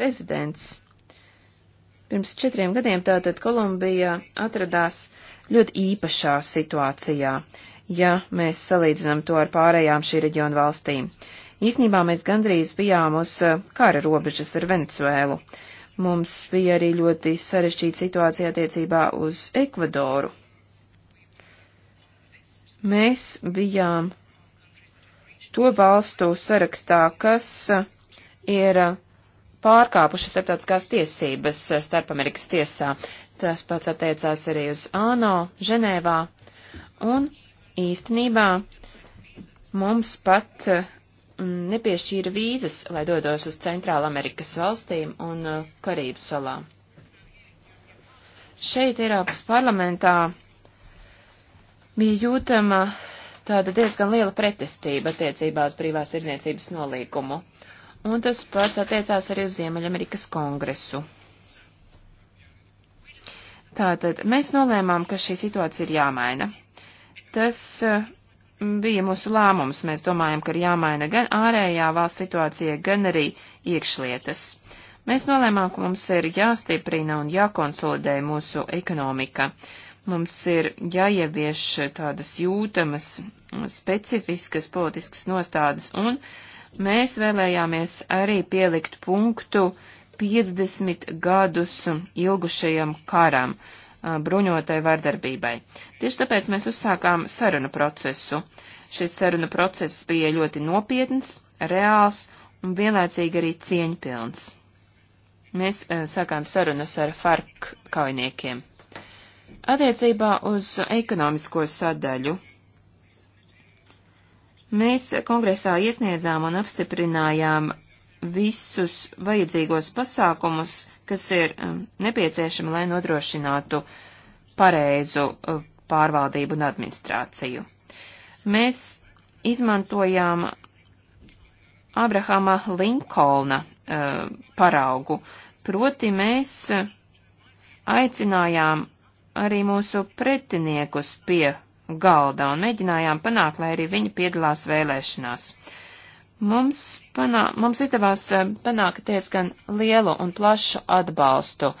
prezidents. Pirms četriem gadiem tātad Kolumbija atradās ļoti īpašā situācijā, ja mēs salīdzinām to ar pārējām šī reģiona valstīm. Īsnībā mēs gandrīz bijām uz uh, kara robežas ar Venecuēlu. Mums bija arī ļoti sarežģīta situācija attiecībā uz Ekvadoru. Mēs bijām to valstu sarakstā, kas uh, ir uh, pārkāpuši starptautiskās tiesības eh, starpamerikas tiesā. Tas pats attiecās arī uz ANO, Ženēvā. Un īstenībā mums pat eh, nepiešķīra vīzas, lai dodos uz Centrāla Amerikas valstīm un eh, Karību salām. Šeit Eiropas parlamentā bija jūtama tāda diezgan liela pretestība attiecībā uz privās tirdzniecības nolīgumu. Uh, un tas pats attiecās arī uz Ziemeļamerikas kongresu. Tātad mēs nolēmām, ka šī situācija ir jāmaina. Tas eh, bija mūsu lēmums. Mēs domājam, ka ir jāmaina gan ārējā valsts situācija, gan arī iekšlietas. Mēs nolēmām, ka mums ir jāstiprina un jākonsolidē mūsu ekonomika. Mums ir jāievieš tādas jūtamas, specifiskas politiskas nostādes un uh, mēs vēlējāmies arī pielikt punktu 50 gadus ilgušajam karam, bruņotai vardarbībai. Tieši tāpēc mēs uzsākām sarunu procesu. Šis sarunu process bija ļoti nopietns, reāls un vienlaicīgi arī cieņpilns. Mēs sākām sarunas ar FARC kaujiniekiem. Attiecībā uz ekonomisko sadaļu Mēs kongresā iesniedzām un apstiprinājām visus vajadzīgos pasākumus, kas ir um, nepieciešami, lai nodrošinātu pareizu uh, pārvaldību un administrāciju. Mēs izmantojām Abrahama Linkolna uh, paraugu, proti mēs aicinājām arī mūsu pretiniekus pie galda un mēģinājām panākt, lai arī viņi piedalās vēlēšanās. Mums, panā, mums izdevās eh, panākt diezgan lielu un plašu atbalstu.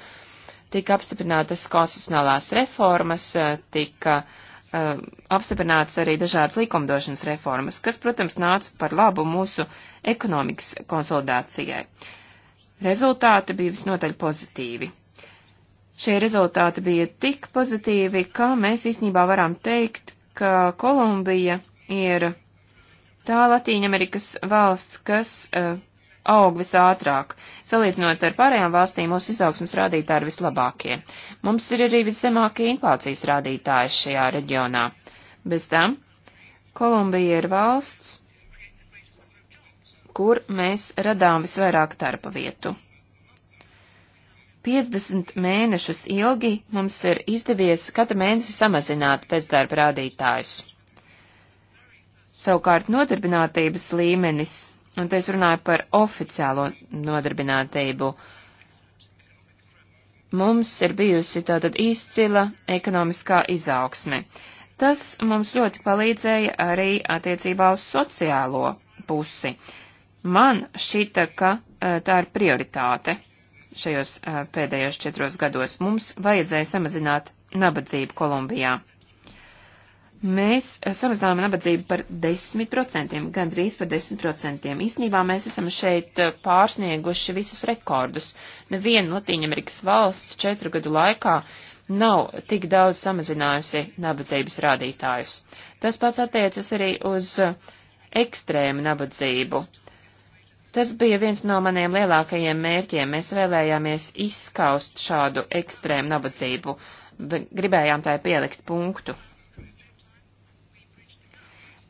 Tika apstiprinātas konstitucionālās reformas, eh, tika uh, apstiprināts arī dažādas likumdošanas reformas, kas, protams, nāca par labu mūsu ekonomikas konsolidācijai. Rezultāti bija visnotaļ pozitīvi. Šie rezultāti bija tik pozitīvi, ka mēs īstenībā varam teikt, ka Kolumbija ir tā Latīņamerikas valsts, kas uh, aug visātrāk. Salīdzinot ar pārējām valstīm, mūsu izaugsmas rādītāji ir vislabākie. Mums ir arī viszemākie inflācijas rādītāji šajā reģionā. Bez tam, Kolumbija ir valsts, kur mēs radām visvairāk darba vietu. 50 mēnešus ilgi mums ir izdevies katru mēnesi samazināt bezdarba rādītājus. Savukārt nodarbinātības līmenis, un te es runāju par oficiālo nodarbinātību, mums ir bijusi tātad izcila ekonomiskā izaugsme. Tas mums ļoti palīdzēja arī attiecībā uz sociālo pusi. Man šita, ka eh, tā ir prioritāte šajos pēdējos četros gados. Mums vajadzēja samazināt nabadzību Kolumbijā. Mēs samazinājām nabadzību par 10%, gandrīz par 10%. Īsnībā mēs esam šeit pārsnieguši visus rekordus. Neviena Latīņamerikas valsts četru gadu laikā nav tik daudz samazinājusi nabadzības rādītājus. Tas pats attiecas arī uz ekstrēmu nabadzību. Tas bija viens no maniem lielākajiem mērķiem. Mēs vēlējāmies izskaust šādu ekstrēmu nabadzību, gribējām tai pielikt punktu.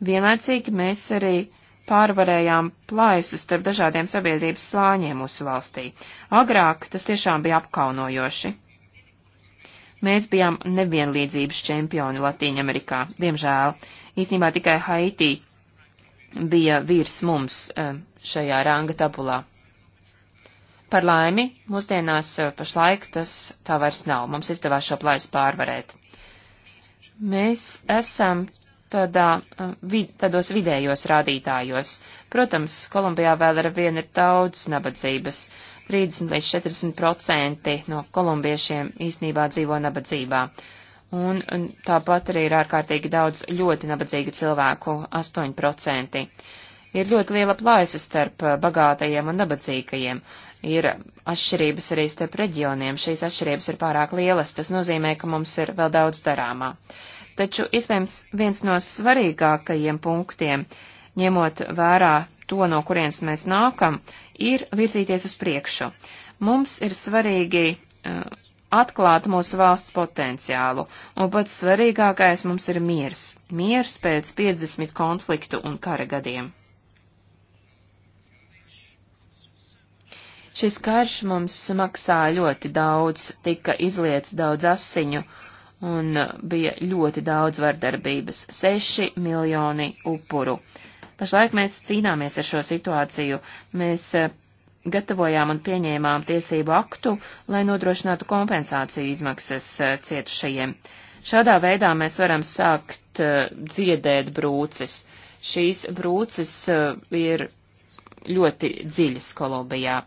Vienlaicīgi mēs arī pārvarējām plaisu starp dažādiem sabiedrības slāņiem mūsu valstī. Agrāk tas tiešām bija apkaunojoši. Mēs bijām nevienlīdzības čempioni Latīņamerikā, diemžēl. Īsnībā tikai Haitī bija vīrs mums e, šajā ranga tabulā. Par laimi, mūsdienās e, pašlaik tas tā vairs nav. Mums izdevās šo plaisu pārvarēt. Mēs esam tādā, e, vid, tādos vidējos rādītājos. Protams, Kolumbijā vēl ar vienu ir daudz nabadzības. 30 līdz 40 procenti no kolumbiešiem īsnībā dzīvo nabadzībā un, un tāpat arī ir ārkārtīgi daudz ļoti nabadzīgu cilvēku - 8%. Ir ļoti liela plaisa starp eh, bagātajiem un nabadzīgajiem. Ir atšķirības arī starp reģioniem. Šīs atšķirības ir pārāk lielas. Tas nozīmē, ka mums ir vēl daudz darāmā. Taču, iespējams, viens no svarīgākajiem punktiem, ņemot vērā to, no kurienes mēs nākam, ir virzīties uz priekšu. Mums ir svarīgi uh, atklāt mūsu valsts potenciālu, un pats svarīgākais mums ir miers - miers pēc 50 konfliktu un kara gadiem. Šis karš mums maksā ļoti daudz, tika izlietas daudz asiņu un bija ļoti daudz vardarbības - 6 miljoni upuru. Pašlaik mēs cīnāmies ar šo situāciju, mēs eh, gatavojām un pieņēmām tiesību aktu, lai nodrošinātu kompensāciju izmaksas e, cietušajiem. Šādā veidā mēs varam sākt e, dziedēt brūces. Šīs brūces e, ir ļoti dziļas Kolumbijā.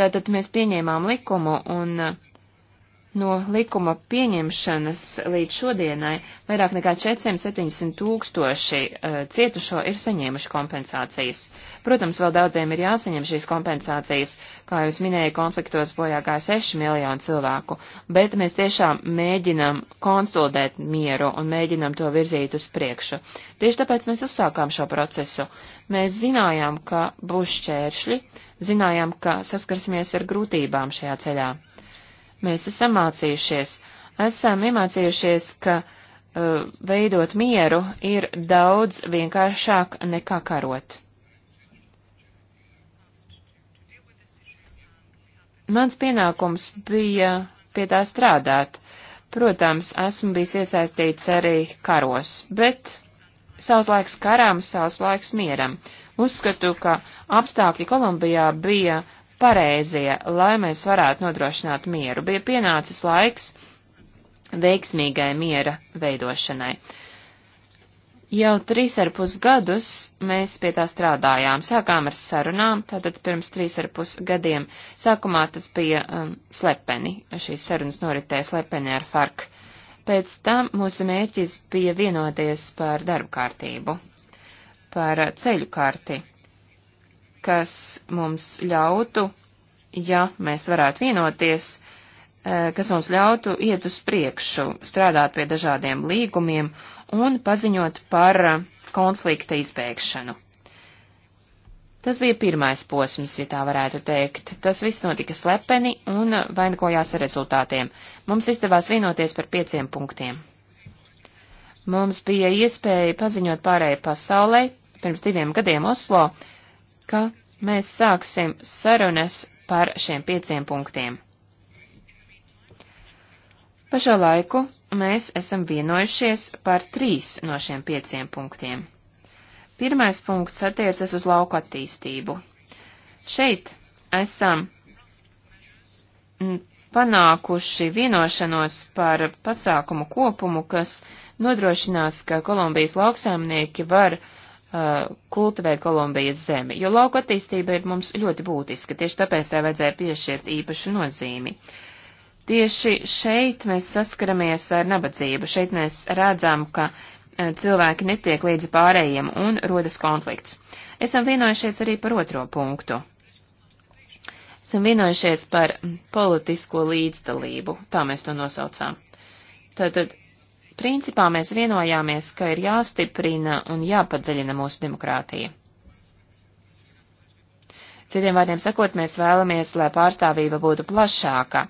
Tātad mēs pieņēmām likumu un No likuma pieņemšanas līdz šodienai vairāk nekā 470 tūkstoši uh, cietušo ir saņēmuši kompensācijas. Protams, vēl daudziem ir jāsaņem šīs kompensācijas, kā jūs minēja, konfliktos bojā gāja 6 miljonu cilvēku, bet mēs tiešām mēģinam konsolidēt mieru un mēģinam to virzīt uz priekšu. Tieši tāpēc mēs uzsākām šo procesu. Mēs zinājām, ka būs šķēršļi, zinājām, ka saskarsimies ar grūtībām šajā ceļā. Mēs esam mācījušies. Esam iemācījušies, ka uh, veidot mieru ir daudz vienkāršāk nekā karot. Mans pienākums bija pie tā strādāt. Protams, esmu bijis iesaistīts arī karos, bet savs laiks karām, savs laiks mieram. Uzskatu, ka apstākļi Kolumbijā bija pareizie, lai mēs varētu nodrošināt mieru. Bija pienācis laiks veiksmīgai miera veidošanai. Jau trīs ar pus gadus mēs pie tā strādājām. Sākām ar sarunām, tātad pirms trīs ar pus gadiem. Sākumā tas bija um, slepeni, šīs sarunas noritēja slepeni ar FARC. Pēc tam mūsu mērķis bija vienoties par darbu kārtību, par ceļu kārti kas mums ļautu, ja mēs varētu vienoties, e, kas mums ļautu iet uz priekšu, strādāt pie dažādiem līgumiem un paziņot par konflikta izbēgšanu. Tas bija pirmais posms, ja tā varētu teikt. Tas viss notika slepeni un vainakojās ar rezultātiem. Mums izdevās vienoties par pieciem punktiem. Mums bija iespēja paziņot pārējai pasaulē pirms diviem gadiem Oslo, ka mēs sāksim sarunas par šiem pieciem punktiem. Pašā laiku mēs esam vienojušies par trīs no šiem pieciem punktiem. Pirmais punkts attiecas uz lauku attīstību. Šeit esam panākuši vienošanos par pasākumu kopumu, kas nodrošinās, ka Kolumbijas lauksēmnieki var uh, Uh, kultivēt Kolumbijas zemi, jo lauku attīstība ir mums ļoti būtiska, tieši tāpēc tai vajadzēja piešķirt īpašu nozīmi. Tieši šeit mēs saskaramies ar nabadzību, šeit mēs redzam, ka uh, cilvēki netiek līdzi pārējiem un rodas konflikts. Esam vienojušies arī par otro punktu. Esam vienojušies par politisko līdzdalību, tā mēs to nosaucām. Tātad Principā mēs vienojāmies, ka ir jāstiprina un jāpadziļina mūsu demokrātija. Citiem vārdiem sakot, mēs vēlamies, lai pārstāvība būtu plašāka.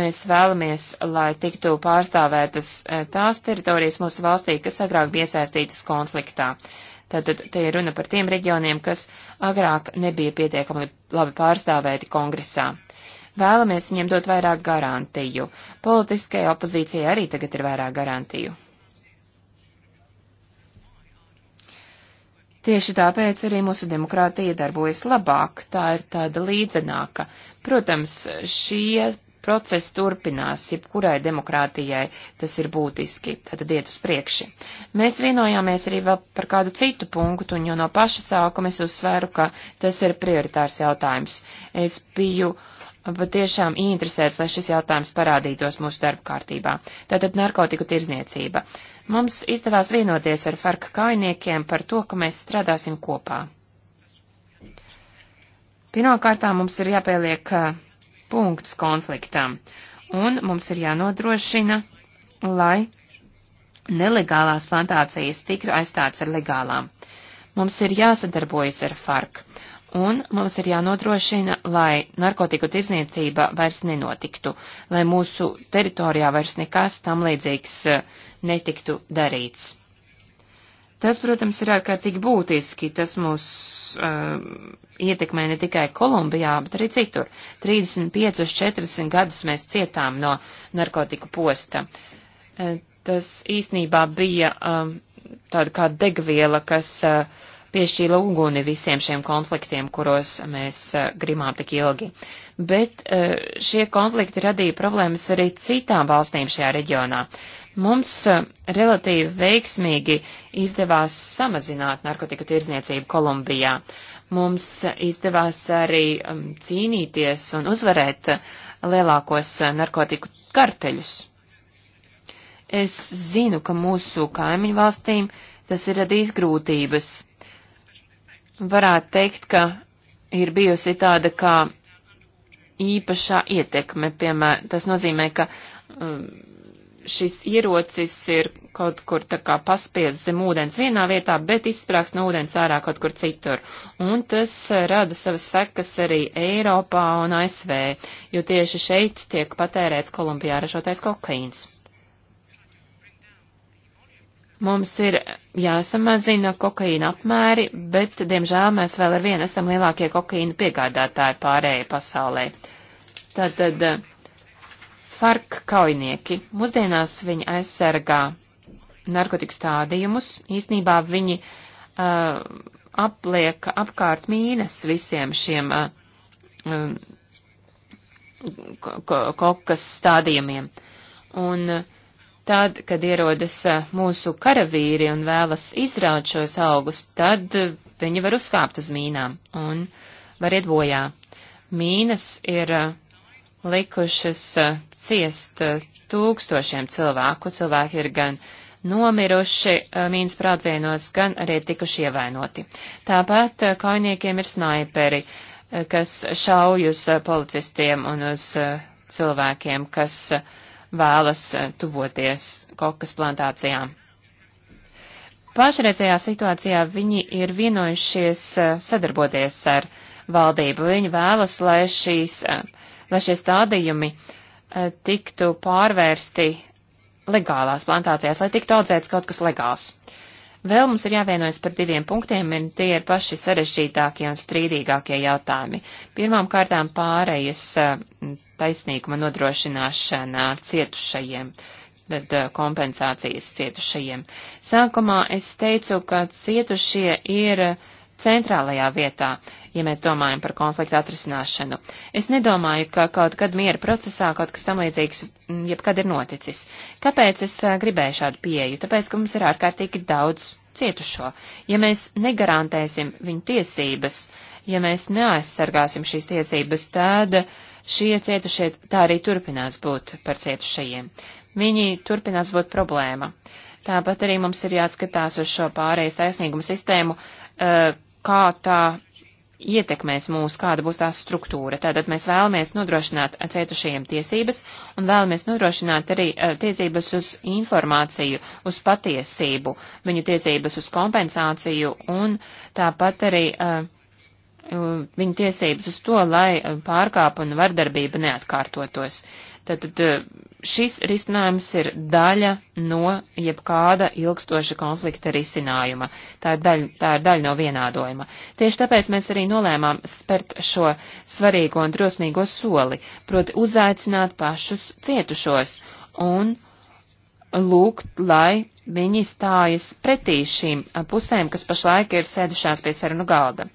Mēs vēlamies, lai tiktu pārstāvētas eh, tās teritorijas mūsu valstī, kas agrāk bija iesaistītas konfliktā. Tātad te ir runa par tiem reģioniem, kas agrāk nebija pietiekami labi pārstāvēti kongresā vēlamies viņiem dot vairāk garantiju. Politiskajai opozīcijai arī tagad ir vairāk garantiju. Tieši tāpēc arī mūsu demokrātija darbojas labāk, tā ir tāda līdzenāka. Protams, šie procesi turpinās, jebkurai demokrātijai tas ir būtiski, tad iet uz priekši. Mēs vienojāmies arī vēl par kādu citu punktu, un jau no paša sākuma es uzsvēru, ka tas ir prioritārs jautājums. Es biju uh, patiešām interesēts, lai šis jautājums parādītos mūsu darba kārtībā. Tātad narkotiku tirzniecība. Mums izdevās vienoties ar farka kainiekiem par to, ka mēs strādāsim kopā. Pirmkārtā mums ir jāpieliek uh, punkts konfliktam, un mums ir jānodrošina, lai nelegālās plantācijas tiktu aizstāts ar legālām. Mums ir jāsadarbojas ar FARC, un mums ir jānodrošina, lai narkotiku tirzniecība vairs nenotiktu, lai mūsu teritorijā vairs nekas tam līdzīgs eh, netiktu darīts. Tas, protams, ir ārkārtīgi būtiski, tas mūs uh, ietekmē ne tikai Kolumbijā, bet arī citur. 35-40 gadus mēs cietām no narkotiku posta. Uh, tas īsnībā bija uh, tāda kā degviela, kas uh, piešķīla uguni visiem šiem konfliktiem, kuros mēs eh, grimām tik ilgi. Bet eh, šie konflikti radīja problēmas arī citām valstīm šajā reģionā. Mums eh, relatīvi veiksmīgi izdevās samazināt narkotiku tirzniecību Kolumbijā. Mums izdevās arī mm, cīnīties un uzvarēt lielākos narkotiku karteļus. Es zinu, ka mūsu kaimiņu valstīm tas ir radījis grūtības varētu teikt, ka ir bijusi tāda kā īpašā ietekme, piemēram, tas nozīmē, ka um, šis ierocis ir kaut kur tā kā paspies zem ūdens vienā vietā, bet izsprāgs no ūdens ārā kaut kur citur. Un tas uh, rada savas sekas arī Eiropā un ASV, jo tieši šeit tiek patērēts Kolumbijā ražotais kokaīns. Mums ir jāsamazina kokaīna apmēri, bet, diemžēl, mēs vēl ar vienu esam lielākie kokaīna piegādātāji pārējai pasaulē. Tātad FARC kaujinieki. Mūsdienās viņi aizsargā narkotiku stādījumus. Īsnībā viņi uh, apliek apkārt mīnas visiem šiem uh, um, kokas stādījumiem. Un uh, Tad, kad ierodas mūsu karavīri un vēlas izraut šos augus, tad viņi var uzkāpt uz mīnām un var iet bojā. Mīnas ir likušas ciest tūkstošiem cilvēku. Cilvēki ir gan nomiruši mīnas sprādzienos, gan arī tikuši ievainoti. Tāpat kaujiniekiem ir snaiperi, kas šauj uz policistiem un uz cilvēkiem, kas uh, vēlas e, tuvoties kokas plantācijām. Pašreizējā situācijā viņi ir vienojušies e, sadarboties ar valdību. Viņi vēlas, lai, šīs, e, lai šie stādījumi tiktu pārvērsti legālās plantācijās, lai tiktu audzēts kaut kas legāls. Uh, Vēl mums ir jāvienojas par diviem punktiem, un tie ir paši sarežģītākie un strīdīgākie jautājumi. Pirmām kārtām pārējas eh, taisnīguma nodrošināšana cietušajiem, tad eh, kompensācijas cietušajiem. Sākumā es teicu, ka cietušie ir uh, centrālajā vietā, ja mēs domājam par konfliktu atrisināšanu. Es nedomāju, ka kaut kad miera procesā kaut kas tam līdzīgs mm, jebkad ir noticis. Kāpēc es gribēju šādu pieeju? Tāpēc, ka mums ir ārkārtīgi daudz cietušo. Ja mēs negarantēsim viņu tiesības, ja mēs neaizsargāsim šīs tiesības, tad šie cietušie tā arī turpinās būt par cietušajiem. Viņi turpinās būt problēma. Tāpat arī mums ir jāskatās uz šo pārējais taisnīgumu sistēmu uh, kā tā ietekmēs mūs, kāda būs tās struktūra. Tātad mēs vēlamies nodrošināt cietušajiem tiesības un vēlamies nodrošināt arī eh, tiesības uz informāciju, uz patiesību, viņu tiesības uz kompensāciju un tāpat arī uh, viņu tiesības uz to, lai eh, pārkāpa un vardarbība neatkārtotos. Tātad uh, šis risinājums ir daļa no jebkāda ilgstoša konflikta risinājuma. Tā ir, daļa, tā ir daļa no vienādojuma. Tieši tāpēc mēs arī nolēmām spērt šo svarīgo un drosmīgo soli, proti uzaicināt pašus cietušos un lūgt, lai viņi stājas pretī šīm pusēm, kas pašlaik ir sēdušās pie sarunu galda.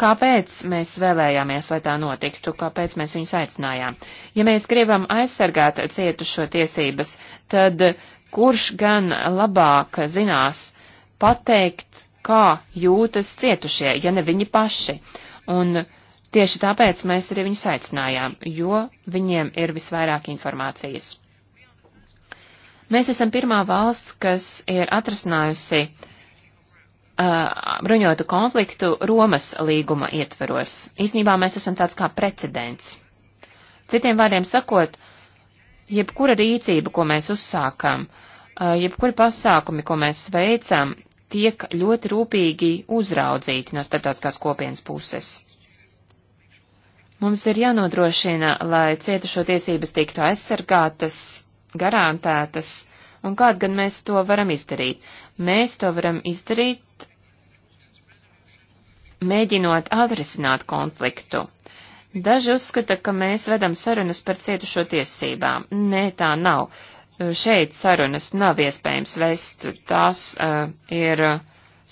Kāpēc mēs vēlējāmies, lai tā notiktu, kāpēc mēs viņus aicinājām? Ja mēs gribam aizsargāt cietušo tiesības, tad kurš gan labāk zinās pateikt, kā jūtas cietušie, ja ne viņi paši? Un tieši tāpēc mēs arī viņus aicinājām, jo viņiem ir visvairāk informācijas. Mēs esam pirmā valsts, kas ir atrasinājusi uh, bruņotu konfliktu Romas līguma ietveros. Īsnībā mēs esam tāds kā precedents. Citiem vārdiem sakot, jebkura rīcība, ko mēs uzsākam, uh, jebkuri pasākumi, ko mēs veicam, tiek ļoti rūpīgi uzraudzīti no starptautiskās kopienas puses. Mums ir jānodrošina, lai cietušo tiesības tiktu aizsargātas, garantētas, un kād gan mēs to varam izdarīt? Mēs to varam izdarīt, mēģinot atrisināt konfliktu. Daži uzskata, ka mēs vedam sarunas par cietušo tiesībām. Nē, tā nav. Šeit sarunas nav iespējams vest, tās uh, ir eh,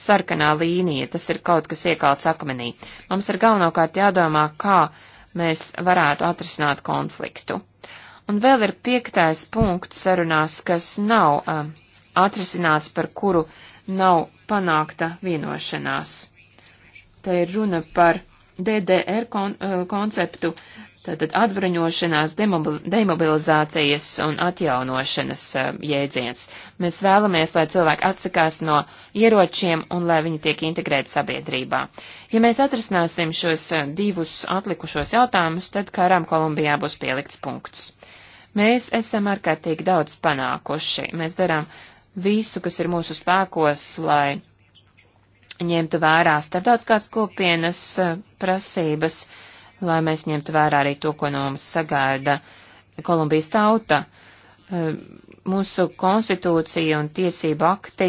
sarkanā līnija, tas ir kaut kas iekalts akmenī. Mums ir galvenokārt jādomā, kā mēs varētu atrisināt konfliktu. Un vēl ir piektais punkts sarunās, kas nav um, atrisināts, par kuru nav panākta vienošanās. Te ir runa par DDR kon uh, konceptu, tātad atbruņošanās, demobilizācijas un atjaunošanas um, jēdziens. Mēs vēlamies, lai cilvēki atsakās no ieročiem un lai viņi tiek integrēti sabiedrībā. Ja mēs atrisināsim šos uh, divus atlikušos jautājumus, tad karam Kolumbijā būs pielikts punkts. Mēs esam ārkārtīgi daudz panākuši. Mēs darām visu, kas ir mūsu spēkos, lai ņemtu vērā starptautiskās kopienas eh, prasības, lai mēs ņemtu vērā arī to, ko no mums sagaida Kolumbijas tauta. Eh, mūsu konstitūcija un tiesība akti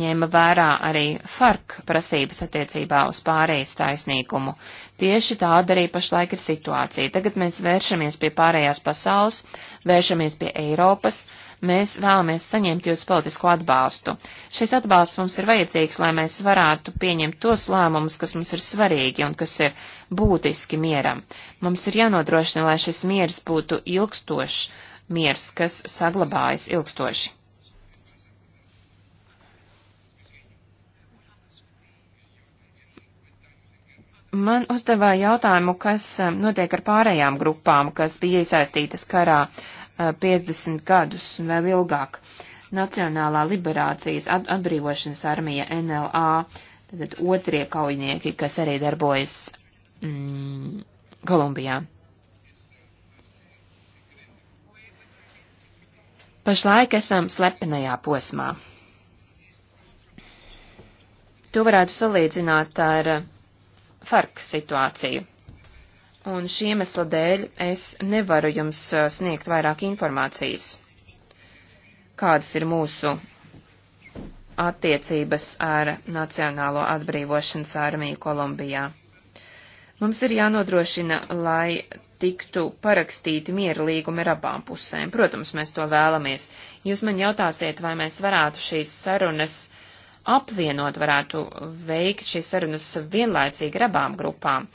ņēma vērā arī FARC prasības attiecībā uz pārējais taisnīgumu. Tieši tāda arī pašlaik ir situācija. Tagad mēs vēršamies pie pārējās pasaules, vēršamies pie Eiropas, mēs vēlamies saņemt jūsu politisko atbalstu. Šis atbalsts mums ir vajadzīgs, lai mēs varētu pieņemt tos lēmumus, kas mums ir svarīgi un kas ir būtiski mieram. Mums ir jānodrošina, lai šis miers būtu ilgstošs miers, kas saglabājas ilgstoši. Man uzdevā jautājumu, kas um, notiek ar pārējām grupām, kas bija iesaistītas karā 50 uh, gadus un vēl ilgāk. Nacionālā liberācijas atbrīvošanas armija NLA, tad otrie kaujinieki, kas arī darbojas mm, Kolumbijā. Pašlaik esam slepenajā posmā. To varētu salīdzināt ar eh, FARC situāciju. Un šī iemesla dēļ es nevaru jums eh, sniegt vairāk informācijas, kādas ir mūsu attiecības ar Nacionālo atbrīvošanas armiju Kolumbijā. Mums ir jānodrošina, lai tiktu parakstīti miera līgumi ar abām pusēm. Protams, mēs to vēlamies. Jūs man jautāsiet, vai mēs varētu šīs sarunas apvienot, varētu veikt šīs sarunas vienlaicīgi ar abām grupām.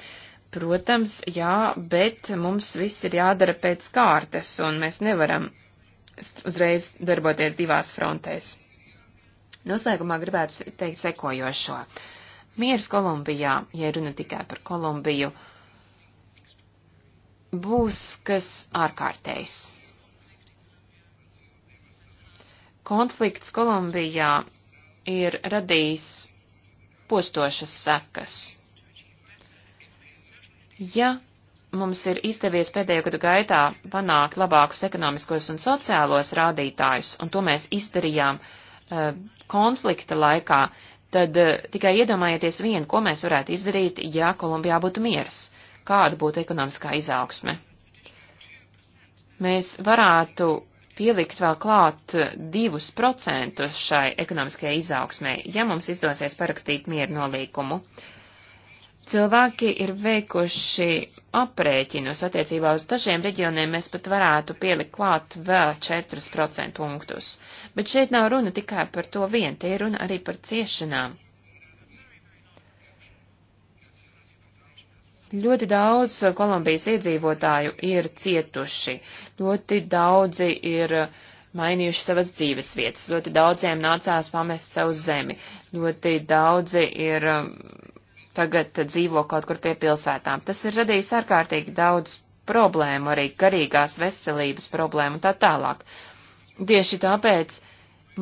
Protams, jā, bet mums viss ir jādara pēc kārtas, un mēs nevaram uzreiz darboties divās frontēs. Noslēgumā gribētu teikt sekojošo. Miers Kolumbijā, ja runa tikai par Kolumbiju, uh, būs kas ārkārtējs. Konflikts Kolumbijā ir radījis postošas sekas. Ja mums ir izdevies pēdējo gadu gaitā panākt labākus ekonomiskos un sociālos rādītājus, un to mēs izdarījām uh, konflikta laikā, tad uh, tikai iedomājieties vienu, ko mēs varētu izdarīt, ja Kolumbijā būtu miers kāda būtu ekonomiskā izaugsme. Mēs varētu pielikt vēl klāt 2% šai ekonomiskajai izaugsmē, ja mums izdosies parakstīt mieru nolīkumu. Cilvēki ir veikuši aprēķinus attiecībā uz dažiem reģioniem, mēs pat varētu pielikt klāt vēl 4% punktus. Bet šeit nav runa tikai par to vien, te ir runa arī par ciešanām. Ļoti daudz uh, Kolumbijas iedzīvotāju ir cietuši, ļoti daudzi ir uh, mainījuši savas dzīves vietas, ļoti daudziem nācās pamest savu zemi, ļoti daudzi ir um, tagad dzīvo kaut kur pie pilsētām. Tas ir radījis ārkārtīgi daudz problēmu, arī garīgās veselības problēmu un tā tālāk. Tieši tāpēc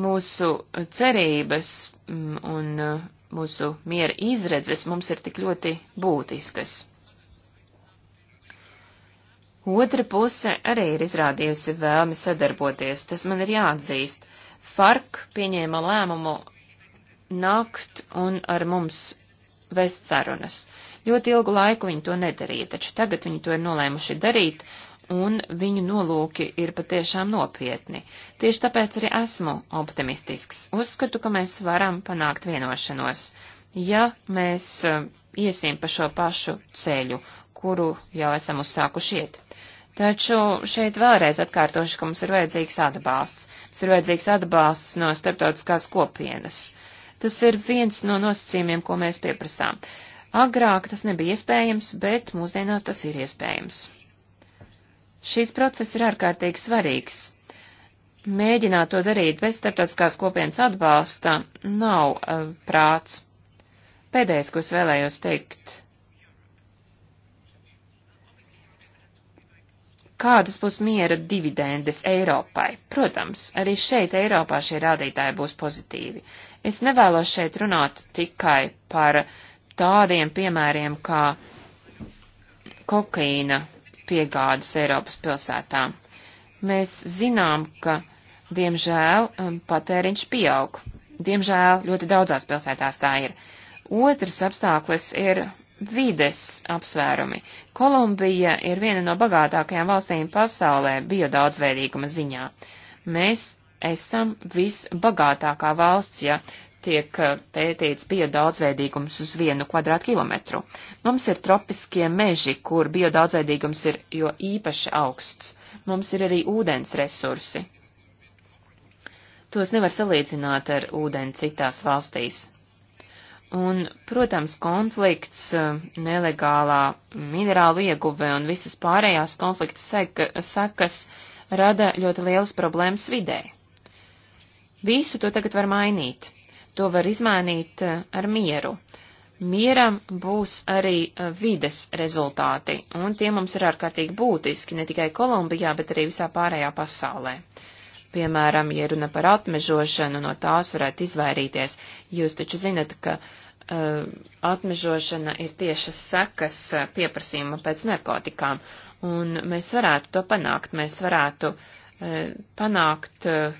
mūsu cerības mm, un uh, mūsu miera izredzes mums ir tik ļoti būtiskas. Otra puse arī ir izrādījusi vēlmi sadarboties, tas man ir jāatzīst. FARC pieņēma lēmumu nākt un ar mums vest sarunas. Ļoti ilgu laiku viņi to nedarīja, taču tagad viņi to ir nolēmuši darīt, un viņu nolūki ir patiešām nopietni. Tieši tāpēc arī esmu optimistisks. Uzskatu, ka mēs varam panākt vienošanos, ja mēs eh, iesim pa šo pašu ceļu, kuru jau esam uzsākuši iet. Taču šeit vēlreiz atkārtošu, ka mums ir vajadzīgs atbalsts. Mums ir vajadzīgs atbalsts no starptautiskās kopienas. Tas ir viens no nosacījumiem, ko mēs pieprasām. Agrāk tas nebija iespējams, bet mūsdienās tas ir iespējams. Šīs process ir ārkārtīgi svarīgs. Mēģināt to darīt bez starptautiskās kopienas atbalsta nav uh, prāts. Pēdējais, ko es vēlējos teikt kādas būs miera dividendes Eiropai. Protams, arī šeit Eiropā šie rādītāji būs pozitīvi. Es nevēlos šeit runāt tikai par tādiem piemēriem kā kokaīna piegādes Eiropas pilsētām. Mēs zinām, ka, diemžēl, um, patēriņš pieaug. Diemžēl ļoti daudzās pilsētās tā ir. Otrs apstākļus ir vides apsvērumi. Kolumbija ir viena no bagātākajām valstīm pasaulē biodaudzveidīguma ziņā. Mēs esam visbagātākā valsts, ja tiek eh, pētīts biodaudzveidīgums uz vienu kvadrātkilometru. Mums ir tropiskie meži, kur biodaudzveidīgums ir jo īpaši augsts. Mums ir arī ūdens resursi. Tos nevar salīdzināt ar ūdeni citās valstīs. Un, protams, konflikts, eh, nelegālā minerālu ieguve un visas pārējās konflikta sekas rada ļoti lielas problēmas vidē. Visu to tagad var mainīt. To var izmainīt eh, ar mieru. Mieram būs arī eh, vides rezultāti, un tie mums ir ārkārtīgi būtiski ne tikai Kolumbijā, bet arī visā pārējā pasaulē. Uh, Piemēram, ja runa par atmežošanu, no tās varētu izvairīties. Jūs taču zinat, ka uh, atmežošana ir tiešas sekas eh, pieprasījuma pēc narkotikām, un mēs varētu to panākt. Mēs varētu uh, panākt uh,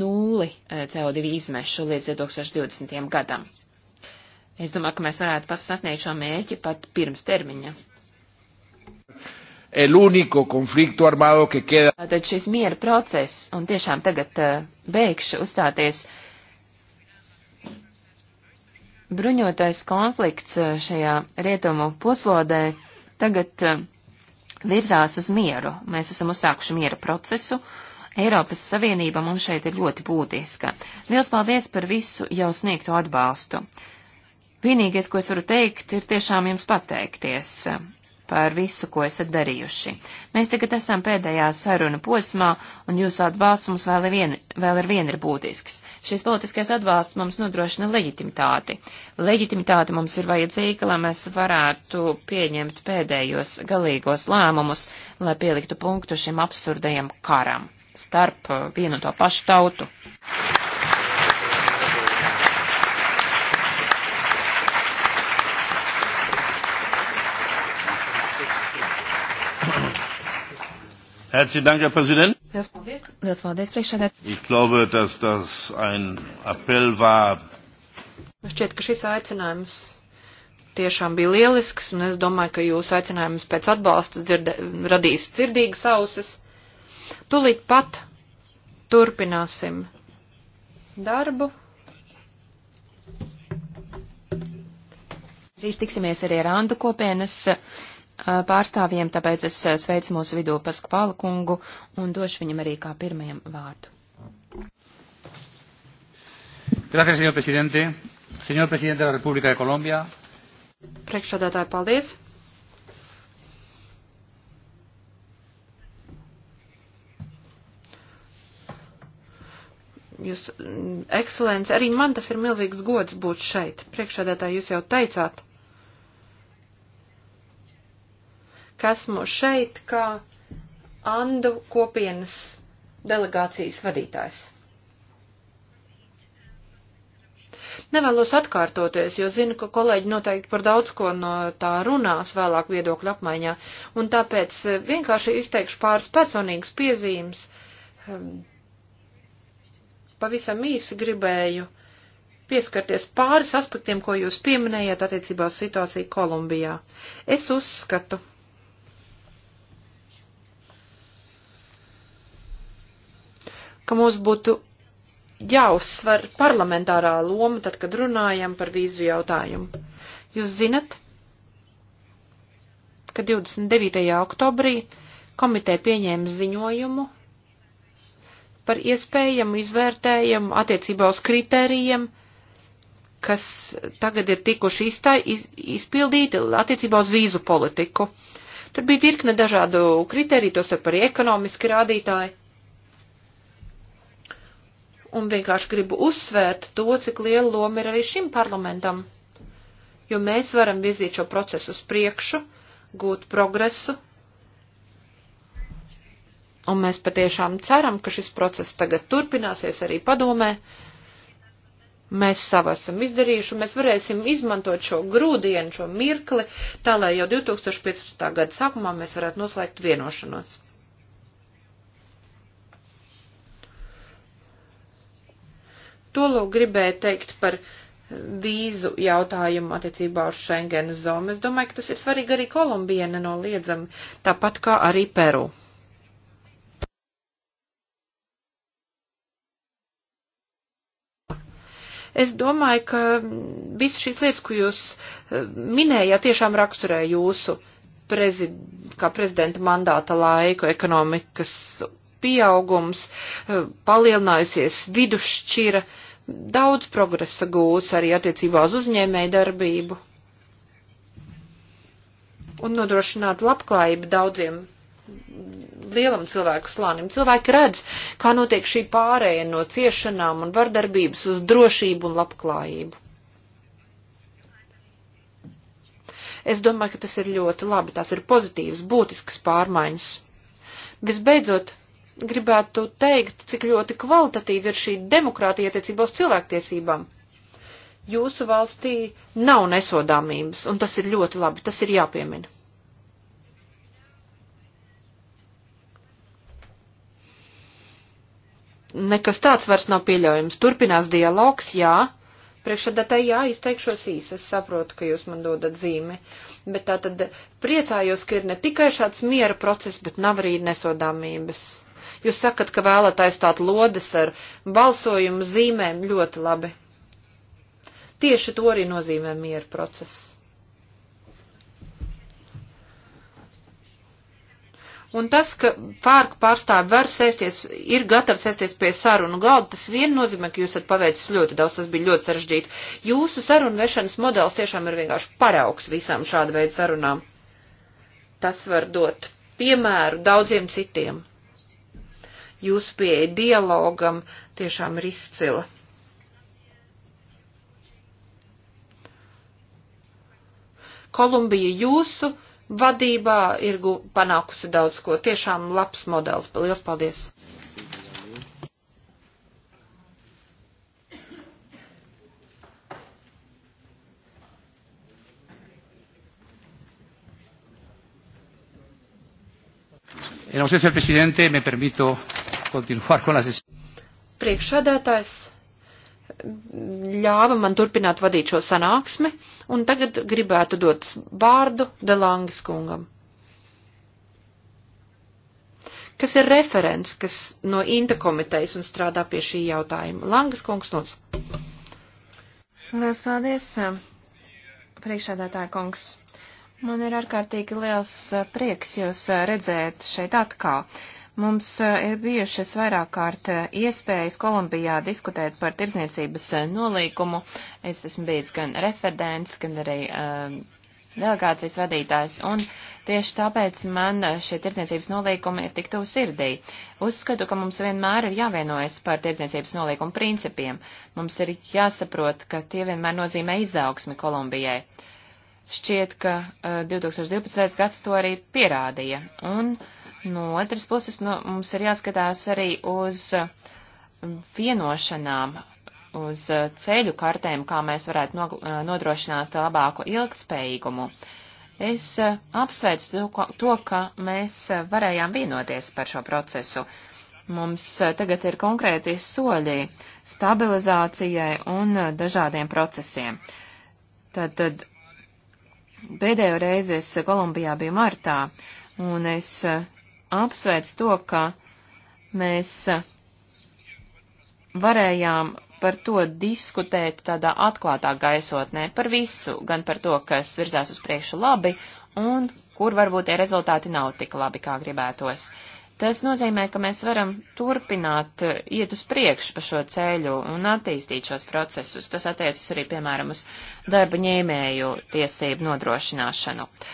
nulli CO2 izmešu līdz 2020. gadam. Es domāju, ka mēs varētu sasniegt šo mērķi pat pirms termiņa el único conflicto armado que queda. Tad šis miera process, un tiešām tagad uh, beigšu uzstāties, bruņotais konflikts uh, šajā rietumu puslodē tagad uh, virzās uz mieru. Mēs esam uzsākuši miera procesu. Eiropas Savienība mums šeit ir ļoti būtiska. Liels paldies par visu jau sniegto atbalstu. Vienīgais, ko es varu teikt, ir tiešām jums pateikties par visu, ko esat darījuši. Mēs tagad esam pēdējā saruna posmā, un jūsu atbalsts mums vēl, vien, vēl ar vienu ir būtisks. Šis politiskais atbalsts mums nodrošina leģitimitāti. Leģitimitāte mums ir vajadzīga, lai mēs varētu pieņemt pēdējos galīgos lēmumus, lai pieliktu punktu šim absurdajam karam starp vienu to pašu tautu. Herzlichen Dank, Herr Präsident. Liels paldies, Liels paldies priekšsēdētāji. Ich glaube, dass das ein Appell war. Šķiet, ka šis aicinājums tiešām bija lielisks, un es domāju, ka jūsu aicinājums pēc atbalsta dzirde, radīs dzirdīgas ausis. Tūlīt pat turpināsim darbu. Rīz tiksimies arī ar Andu kopienas. Uh, pārstāvjiem, tāpēc es sveicu mūsu vidū Paskvāla kungu un došu viņam arī kā pirmajam vārdu. Gracias, señor presidente. Señor presidente de la República de Colombia. Priekšsādātāji, paldies. Jūs, mm, ekscelence, arī man tas ir milzīgs gods būt šeit. Priekšsādātāji, jūs jau teicāt, esmu šeit kā Andu kopienas delegācijas vadītājs. Nevēlos atkārtoties, jo zinu, ka kolēģi noteikti par daudz ko no tā runās vēlāk viedokļu apmaiņā, un tāpēc vienkārši izteikšu pāris personīgas piezīmes. Ehm, pavisam īsi gribēju pieskarties pāris aspektiem, ko jūs pieminējāt attiecībā uz situāciju Kolumbijā. Es uzskatu, ka mums būtu jāuzsver parlamentārā loma, tad, kad runājam par vīzu jautājumu. Jūs zinat, ka 29. oktobrī komiteja pieņēma ziņojumu par iespējamu izvērtējumu attiecībā uz kritērijiem, kas tagad ir tikuši iztai, iz, izpildīti attiecībā uz vīzu politiku. Tur bija virkne dažādu kritēriju, tos ir par ekonomiski rādītāji un vienkārši gribu uzsvērt to, cik liela loma ir arī šim parlamentam, jo mēs varam virzīt šo procesu uz priekšu, gūt progresu, un mēs patiešām ceram, ka šis process tagad turpināsies arī padomē. Mēs savu esam izdarījuši, un mēs varēsim izmantot šo grūdienu, šo mirkli, tā lai jau 2015. gada sākumā mēs varētu noslēgt vienošanos. To lūk gribēju teikt par eh, vīzu jautājumu attiecībā uz Schengen zonu. Es domāju, ka tas ir svarīgi arī Kolumbija nenoliedzami, tāpat kā arī Peru. Es domāju, ka visas šīs lietas, ko jūs eh, minējāt, tiešām raksturē jūsu prezid, kā prezidenta mandāta laiku ekonomikas pieaugums, eh, palielinājusies vidusšķira. Uh, Daudz progresa gūts arī attiecībā uz uzņēmēju darbību un nodrošināt labklājību daudziem lielam cilvēku slānim. Cilvēki redz, kā notiek šī pārēja no ciešanām un vardarbības uz drošību un labklājību. Es domāju, ka tas ir ļoti labi, tās ir pozitīvas, būtiskas pārmaiņas. Visbeidzot, gribētu teikt, cik ļoti kvalitatīva ir šī demokrātija attiecībā uz cilvēktiesībām. Jūsu valstī nav nesodāmības, un tas ir ļoti labi, tas ir jāpiemina. Nekas tāds vairs nav pieļaujams. Turpinās dialogs, jā. Priekšsēdētāji, jā, izteikšos īsi, es saprotu, ka jūs man dodat zīmi, bet tā tad priecājos, ka ir ne tikai šāds miera process, bet nav arī nesodāmības Jūs sakat, ka vēlat aizstāt lodes ar balsojumu zīmēm ļoti labi. Tieši to arī nozīmē miera process. Un tas, ka pārk pārstāvi var sēsties, ir gatavi sēsties pie sarunu galda, tas vien nozīmē, ka jūs esat paveicis ļoti daudz, tas bija ļoti sarežģīti. Jūsu sarunu vešanas modelis tiešām ir vienkārši paraugs visām šāda veida sarunām. Tas var dot piemēru daudziem citiem jūsu pieeja dialogam tiešām ir izcila. Kolumbija jūsu vadībā ir panākusi daudz ko. Tiešām labs modelis. Lielas paldies! Gracias, señor presidente. Me permito continuar con la sesión. Priekšādātājs ļāva man turpināt vadīt šo sanāksmi, un tagad gribētu dot vārdu Delangis kungam. Kas ir referents, kas no Inta komitejas un strādā pie šī jautājuma? Langas kungs lūdzu. Lielas paldies, priekšādātāja kungs. Man ir ārkārtīgi liels prieks jūs redzēt šeit atkal. Mums eh, ir bijušas vairāk kārt eh, iespējas Kolumbijā diskutēt par tirdzniecības eh, nolīkumu. Es esmu bijis gan referents, gan arī um, delegācijas vadītājs, un tieši tāpēc man šie tirdzniecības nolīkumi ir tik tuvu sirdī. Uzskatu, ka mums vienmēr ir jāvienojas par tirdzniecības nolīkumu principiem. Mums ir jāsaprot, ka tie vienmēr nozīmē izaugsmi Kolumbijai. Šķiet, ka uh, 2012. gads to arī pierādīja. Un, uh, No otras puses, nu, mums ir jāskatās arī uz um, vienošanām, uz uh, ceļu kartēm, kā mēs varētu uh, nodrošināt labāku ilgtspējīgumu. Es uh, apsveicu to, ka mēs varējām vienoties par šo procesu. Mums tagad ir konkrēti soļi stabilizācijai un dažādiem procesiem. Tad, tad pēdējo reizi es Kolumbijā biju martā, un es apsveic to, ka mēs varējām par to diskutēt tādā atklātā gaisotnē, par visu, gan par to, kas virzās uz priekšu labi un kur varbūt tie rezultāti nav tik labi, kā gribētos. Tas nozīmē, ka mēs varam turpināt iet uz priekšu pa šo ceļu un attīstīt šos procesus. Tas attiecas arī, piemēram, uz darba ņēmēju tiesību nodrošināšanu. Uh,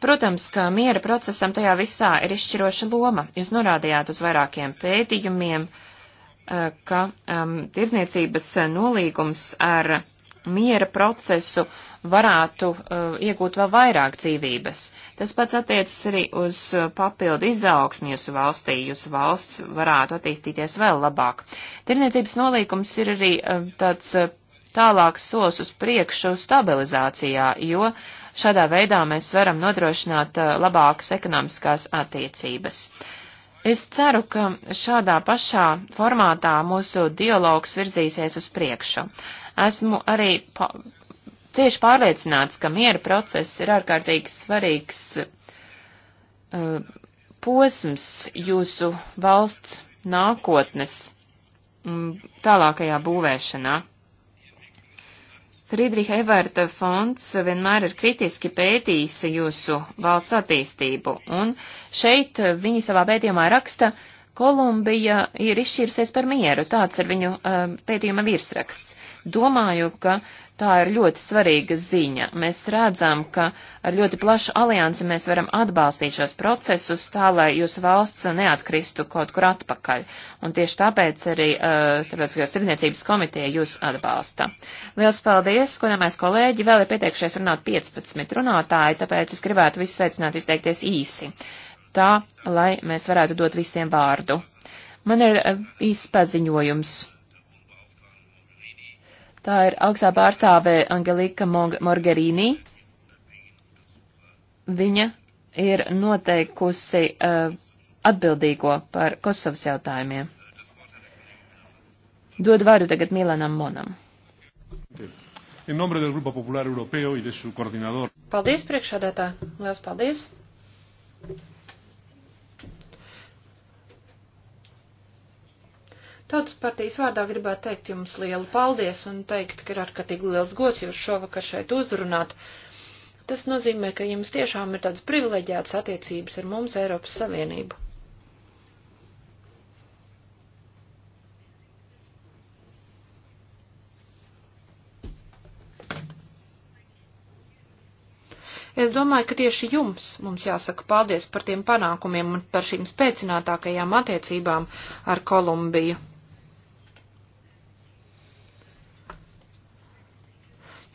Protams, ka miera procesam tajā visā ir izšķiroša loma. Jūs norādījāt uz vairākiem pētījumiem, eh, ka um, tirzniecības nolīgums ar miera procesu varētu uh, iegūt vēl vairāk dzīvības. Tas pats attiecas arī uz papildu izaugsmu jūsu valstī. Jūsu valsts varētu attīstīties vēl labāk. Tirniecības nolīkums ir arī uh, tāds uh, tālāks solis uz priekšu stabilizācijā, jo Šādā veidā mēs varam nodrošināt uh, labākas ekonomiskās attiecības. Es ceru, ka šādā pašā formātā mūsu dialogs virzīsies uz priekšu. Esmu arī pa cieši pārliecināts, ka miera process ir ārkārtīgi svarīgs uh, posms jūsu valsts nākotnes um, tālākajā būvēšanā. Friedriha Everta fonds vienmēr ir kritiski pētījis jūsu valsts attīstību, un šeit viņi savā pētījumā raksta, uh, Kolumbija ir izšķīrusies par mieru, tāds ir viņu um, pētījuma virsraksts. Domāju, ka tā ir ļoti svarīga ziņa. Mēs redzam, ka ar ļoti plašu aliansi mēs varam atbalstīt šos procesus tā, lai jūsu valsts neatkristu kaut kur atpakaļ. Un tieši tāpēc arī uh, Starptautiskās sirdniecības komiteja jūs atbalsta. Liels paldies, kodamais kolēģi, vēl ir pieteikšies runāt 15 runātāji, tāpēc es gribētu visus aicināt izteikties īsi. Uh, tā, lai mēs varētu dot visiem vārdu. Man ir eh, īsts paziņojums. Tā ir augstā pārstāve Angelika Morgerini. Viņa ir noteikusi uh, atbildīgo par Kosovas jautājumiem. Dod vārdu tagad Milanam Monam. Paldies, priekšādātā. Lielas paldies. Tautas partijas vārdā gribētu teikt jums lielu paldies un teikt, ka ir ārkārtīgi liels gods jūs šovakar šeit uzrunāt. Tas nozīmē, ka jums tiešām ir tādas privileģētas attiecības ar mums Eiropas Savienību. Es domāju, ka tieši jums mums jāsaka paldies par tiem panākumiem un par šīm spēcinātākajām attiecībām ar Kolumbiju.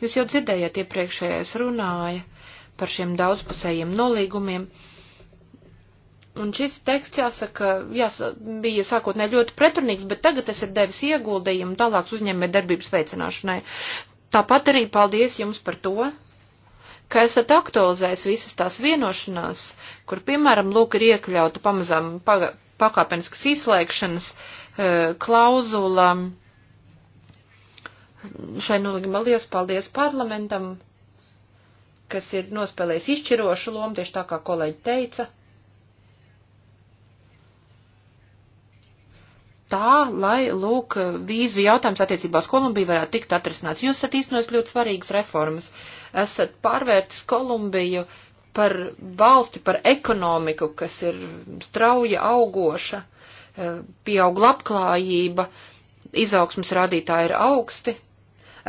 Jūs jau dzirdējāt iepriekšējais runāja par šiem daudzpusējiem nolīgumiem. Un šis teksts, jāsaka, jās, bija sākotnē ļoti pretrunīgs, bet tagad tas ir devis ieguldījumu tālāks uzņēmē darbības veicināšanai. Tāpat arī paldies jums par to, ka esat aktualizējis visas tās vienošanās, kur, piemēram, lūk, ir iekļauta pamazām pakāpeniskas izslēgšanas e, klauzula. Uh, šai nolīgumā liels paldies parlamentam, kas ir nospēlējis izšķirošu lomu, tieši tā kā kolēģi teica. Tā, lai, lūk, vīzu jautājums attiecībā uz Kolumbiju varētu tikt atrisināts. Jūs esat īstenojis ļoti svarīgas reformas. Esat pārvērtis Kolumbiju par valsti, par ekonomiku, kas ir strauja augoša, eh, pieaug labklājība, izaugsmas rādītāji ir augsti,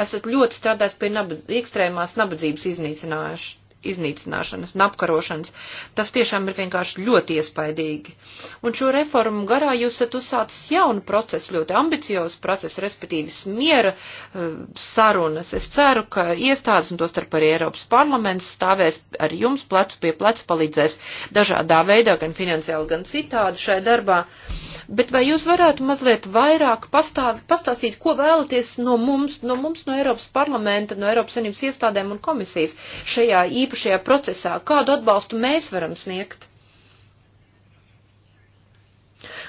esat ļoti strādājis pie nabadz, ekstrēmās nabadzības iznīcināšanas iznīcināšanas un apkarošanas. Tas tiešām ir vienkārši ļoti iespaidīgi. Un šo reformu garā jūs esat uzsācis jaunu procesu, ļoti ambiciozu procesu, respektīvi smiera eh, sarunas. Es ceru, ka iestādes un tostarp arī Eiropas parlaments stāvēs ar jums plecu pie plecu, palīdzēs dažādā veidā, gan finansiāli, gan citādi šai darbā. Bet vai jūs varētu mazliet vairāk pastāv, pastāstīt, ko vēlaties no mums, no mums, no Eiropas parlamenta, no Eiropas Savienības iestādēm un komisijas šajā īpašā iesaistītu šajā procesā, kādu atbalstu mēs varam sniegt.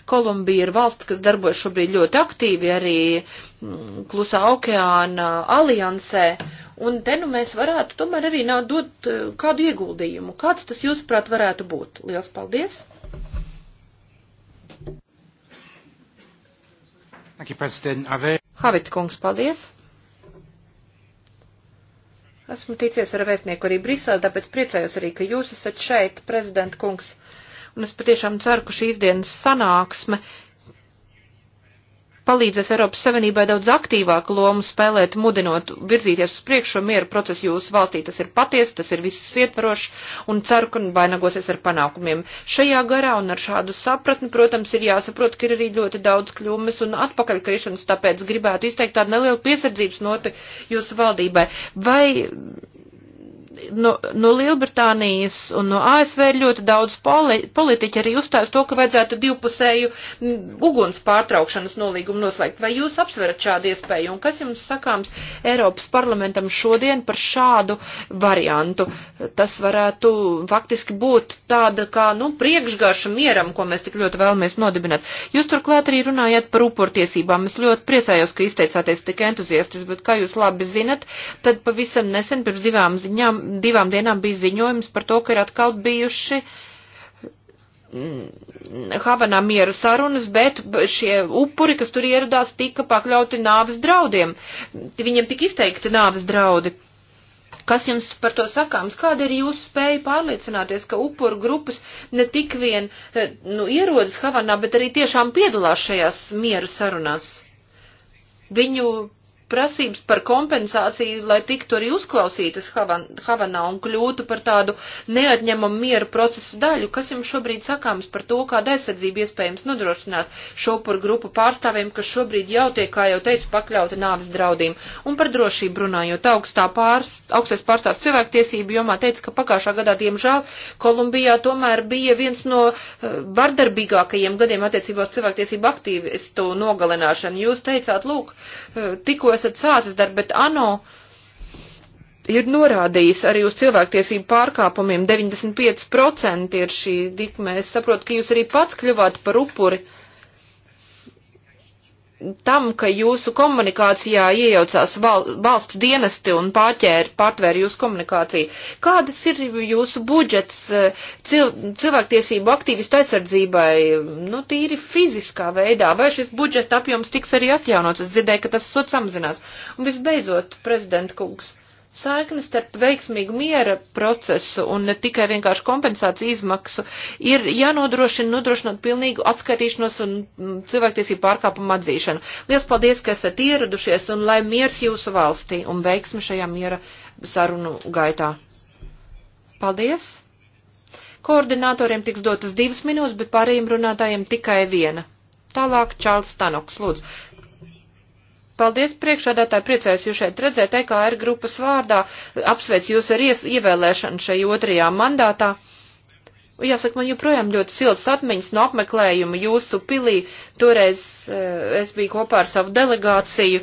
Kolumbija ir valsts, kas darbojas šobrīd ļoti aktīvi arī mm, Klusā okeāna aliansē, un te nu mēs varētu tomēr arī dot eh, kādu ieguldījumu. Kāds tas jūsuprāt varētu būt? Liels paldies! Havit kungs, paldies! Esmu ticies ar vēstnieku arī Briselē, tāpēc priecājos arī, ka jūs esat šeit, prezidenta kungs. Un es patiešām ceru, ka šīs dienas sanāksme palīdzēs Eiropas Savienībai daudz aktīvāku lomu spēlēt, mudinot virzīties uz priekšu mieru procesu jūsu valstī. Tas ir paties, tas ir visus ietvarošs un ceru, ka vainagosies ar panākumiem. Šajā garā un ar šādu sapratni, protams, ir jāsaprot, ka ir arī ļoti daudz kļūmes un atpakaļkrišanas, tāpēc gribētu izteikt tādu nelielu piesardzības noti jūsu valdībai. Vai no, no Lielbritānijas un no ASV ļoti daudz poli, politiķi arī uzstājas to, ka vajadzētu divpusēju uguns pārtraukšanas nolīgumu noslēgt. Vai jūs apsverat šādu iespēju un kas jums sakāms Eiropas parlamentam šodien par šādu variantu? Tas varētu faktiski būt tāda kā, nu, priekšgārša mieram, ko mēs tik ļoti vēlamies nodibināt. Jūs turklāt arī runājat par upurtiesībām. Es ļoti priecājos, ka izteicāties tik entuziastis, bet kā jūs labi zinat, tad pavisam nesen pirms divām ziņām divām dienām bija ziņojums par to, ka ir atkal bijuši mm, Havanā miera sarunas, bet šie upuri, kas tur ieradās, tika pakļauti nāves draudiem. Viņiem tika izteikti nāves draudi. Kas jums par to sakāms? Kāda ir jūsu spēja pārliecināties, ka upuru grupas ne tik vien eh, nu, ierodas Havanā, bet arī tiešām piedalās šajās miera sarunās? Viņu prasības par kompensāciju, lai tiktu arī uzklausītas Havanā un kļūtu par tādu neatņemamu mieru procesu daļu, kas jums šobrīd sakāms par to, kāda aizsardzība iespējams nodrošināt šo par grupu pārstāvjiem, kas šobrīd jau tiek, kā jau teicu, pakļauti nāves draudiem. Un par drošību runājot, augstā pārs, augstais pārstāvs cilvēktiesību jomā teica, ka pagājušā gadā, diemžēl, Kolumbijā tomēr bija viens no eh, vardarbīgākajiem gadiem attiecībā uz cilvēktiesību aktīvistu nogalināšanu. Jūs teicāt, lūk, eh, tikko esat sācis darbu, bet ANO ir norādījis arī uz cilvēktiesību pārkāpumiem. 95% ir šī likme. Es saprotu, ka jūs arī pats kļuvāt par upuri. Uh, tam, ka jūsu komunikācijā iejaucās val, valsts dienesti un pārķēri, pārtvēri jūsu komunikāciju. Kādas ir jūsu budžets e, cil, cilvēktiesību aktīvistu aizsardzībai, nu, tīri fiziskā veidā? Vai šis budžeta apjoms tiks arī atjaunots? Es dzirdēju, ka tas sot samazinās. Un visbeidzot, prezidenta kungs, Saikne starp veiksmīgu miera procesu un ne tikai vienkārši kompensāciju izmaksu ir jānodrošina, nodrošinot pilnīgu atskaitīšanos un mm, cilvēktiesību pārkāpumu atzīšanu. Lielas paldies, ka esat ieradušies un lai miers jūsu valstī un veiksmi šajā miera sarunu gaitā. Paldies! Koordinatoriem tiks dotas divas minūtes, bet pārējiem runātājiem tikai viena. Tālāk Čārls Tanoks, lūdzu. Paldies priekšādātāji, priecājos jūs šeit redzēt EKR grupas vārdā, apsveic jūs ar ies, ievēlēšanu šajā otrajā mandātā. Jāsaka, man joprojām ļoti silts atmiņas no apmeklējuma jūsu pilī. Toreiz e, es biju kopā ar savu delegāciju.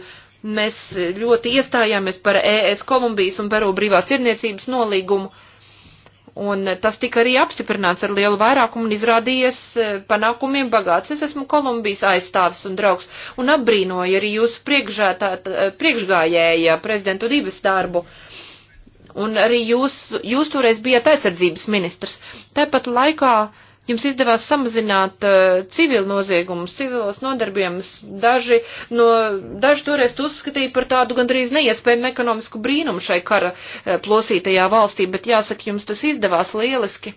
Mēs e, ļoti iestājāmies par ES Kolumbijas un Peru brīvās tirniecības nolīgumu Un tas tika arī apstiprināts ar lielu vairākumu un izrādījies e, panākumiem bagāts. Es esmu Kolumbijas aizstāvis un draugs un apbrīnoju arī jūsu e, priekšgājēja prezidentu Dības darbu. Un arī jūs, jūs toreiz bijat aizsardzības ministrs. Tāpat laikā uh, Jums izdevās samazināt uh, eh, civilu noziegumus, civilos nodarbījumus. Daži, no, daži toreiz to uzskatīja par tādu gandrīz neiespējumu ekonomisku brīnumu šai kara uh, plosītajā valstī, bet jāsaka, jums tas izdevās lieliski.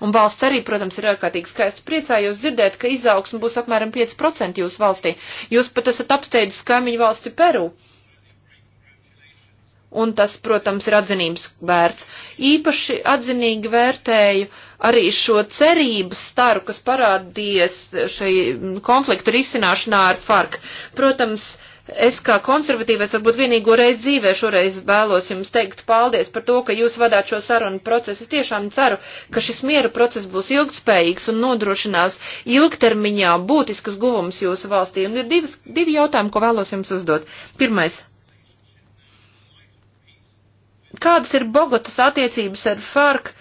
Un valsts arī, protams, ir ārkārtīgi skaisti. Priecājos dzirdēt, ka izaugsme būs apmēram 5% jūsu valstī. Jūs pat esat apsteidzis kaimiņu valsti Peru. Uh, un tas, protams, ir atzinības vērts. Īpaši atzinīgi vērtēju arī šo cerības staru, kas parādījies šai konfliktu risināšanā ar FARC. Protams, es kā konservatīvais varbūt vienīgo reizi dzīvē šoreiz vēlos jums teikt paldies par to, ka jūs vadāt šo sarunu procesu. Es tiešām ceru, ka šis miera process būs ilgspējīgs un nodrošinās ilgtermiņā būtiskas guvumus jūsu valstī. Un ir divas, divi jautājumi, ko vēlos jums uzdot. Pirmais kādas ir Bogotas attiecības ar FARC,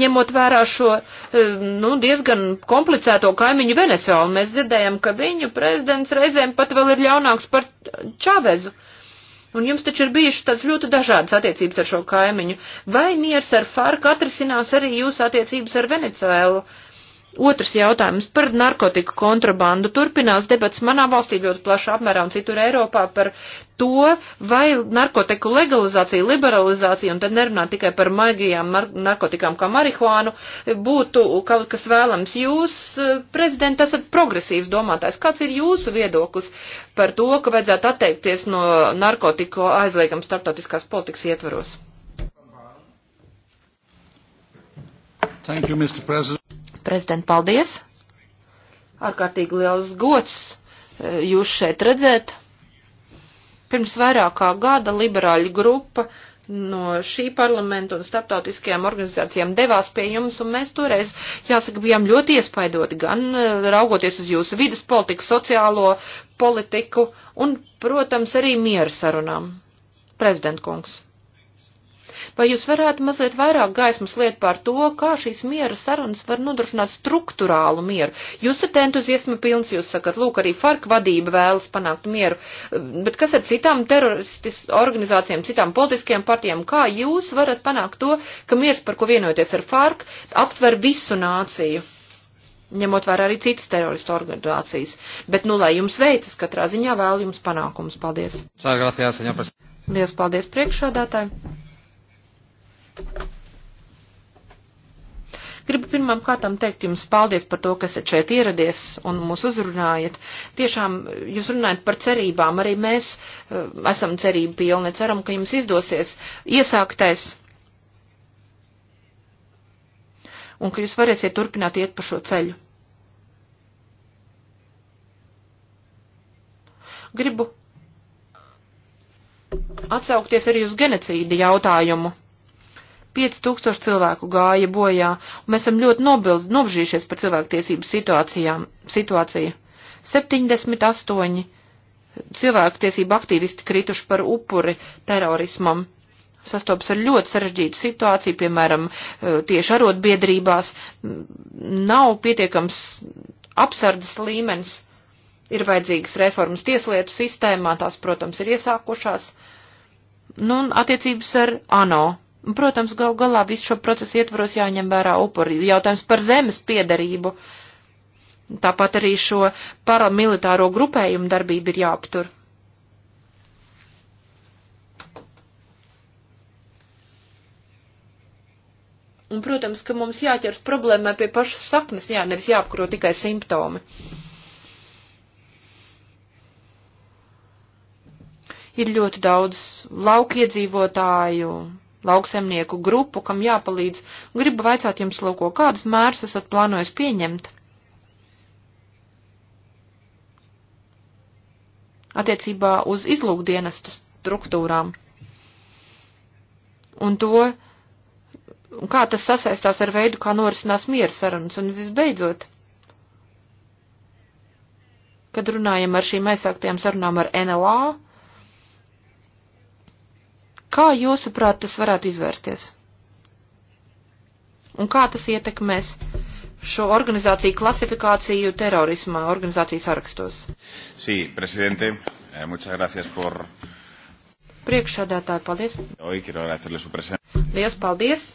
ņemot vērā šo, eh, nu, diezgan komplicēto kaimiņu Venecijālu? Mēs dzirdējam, ka viņu prezidents reizēm pat vēl ir ļaunāks par Čavezu. Un jums taču ir bijušas tādas ļoti dažādas attiecības ar šo kaimiņu. Vai miers ar FARC atrisinās arī jūsu attiecības ar Venecuēlu? Uh, Otrs jautājums par narkotiku kontrabandu. Turpinās debats manā valstī ļoti plašā apmērā un citur Eiropā par to, vai narkotiku legalizācija, liberalizācija, un tad nerunā tikai par maigajām narkotikām kā marihuānu, būtu kaut kas vēlams. Jūs, eh, prezident, esat progresīvs domātājs. Kāds ir jūsu viedoklis par to, ka vajadzētu atteikties no narkotiku aizlieguma starptautiskās politikas ietvaros? Thank you, Mr. President. Prezident, paldies! Ārkārtīgi liels gods e, jūs šeit redzēt. Pirms vairākā gada liberāļu grupa no šī parlamenta un starptautiskajām organizācijām devās pie jums, un mēs toreiz, jāsaka, bijām ļoti iespaidoti, gan e, raugoties uz jūsu vidas politiku, sociālo politiku un, protams, arī miera sarunām. Prezident kungs. Vai jūs varētu mazliet vairāk gaismas liet par to, kā šīs miera sarunas var nodrošināt struktūrālu mieru? Jūs esat entuziasma pilns, jūs sakat, lūk, arī FARC vadība vēlas panākt mieru, bet kas ar citām teroristis organizācijām, citām politiskajām partijām, kā jūs varat panākt to, ka miers, par ko vienoties ar FARC, aptver visu nāciju? ņemot vērā arī citas teroristu organizācijas. Bet, nu, lai jums veicas, katrā ziņā vēl jums panākums. Paldies! Lielas paldies priekšādātāji! Gribu pirmām kārtām teikt jums paldies par to, ka esat šeit ieradies un mūs uzrunājat. Tiešām jūs runājat par cerībām, arī mēs uh, esam cerību pilni, ceram, ka jums izdosies iesāktais un ka jūs varēsiet turpināt iet pa šo ceļu. Gribu atsaukties arī uz genocīda jautājumu. 5000 cilvēku gāja bojā, un mēs esam ļoti nobilz, nobžījušies par cilvēktiesību situācijām, situāciju. 78 cilvēktiesību aktīvisti krituši par upuri terorismam. Sastopas ar ļoti sarežģītu situāciju, piemēram, e, tieši arotbiedrībās nav pietiekams apsardzes līmenis, ir vajadzīgas reformas tieslietu sistēmā, tās, protams, ir iesākušās, nu, un attiecības ar ANO Protams, gal galā visu šo procesu ietvaros jāņem vērā upuri. Jautājums par zemes piedarību. Tāpat arī šo paramilitāro grupējumu darbību ir jāaptur. Un, protams, ka mums jāķers problēmai pie pašas saknes, jā, nevis jāapkro tikai simptomi. Ir ļoti daudz laukiedzīvotāju, lauksemnieku grupu, kam jāpalīdz. Gribu vaicāt jums, lūko, kādas mērs esat plānojis pieņemt? Attiecībā uz izlūkdienestu struktūrām. Un to, kā tas sasaistās ar veidu, kā norisinās miera sarunas. Un visbeidzot, kad runājam ar šīm aizsāktajām sarunām ar NLA, Kā jūsuprāt tas varētu izvērsties? Un kā tas ietekmēs šo organizāciju klasifikāciju terorismā organizācijas sarakstos? Sī, sí, prezidente, eh, muchas gracias por. Priekšsādātāji, paldies. Oi, quiero agradecerle su presencia. Liels paldies.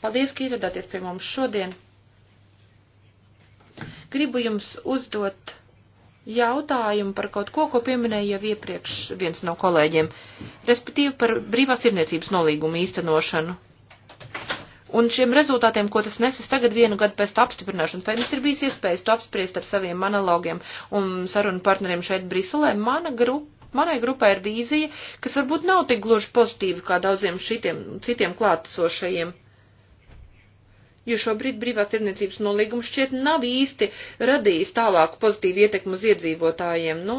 Paldies, ka ieradāties pie mums šodien. Gribu jums uzdot jautājumu par kaut ko, ko pieminēja jau iepriekš viens no kolēģiem, respektīvi par brīvās irniecības nolīgumu īstenošanu. Un šiem rezultātiem, ko tas nesis tagad vienu gadu pēc apstiprināšanas, vai mums ir bijis iespējas to apspriest ar saviem analogiem un sarunu partneriem šeit Briselē, mana grupa manai grupai ir vīzija, kas varbūt nav tik gluži pozitīva kā daudziem šitiem citiem klātesošajiem jo šobrīd brīvās tirniecības nolīgums šķiet nav īsti radījis tālāku pozitīvu ietekmu uz iedzīvotājiem, nu,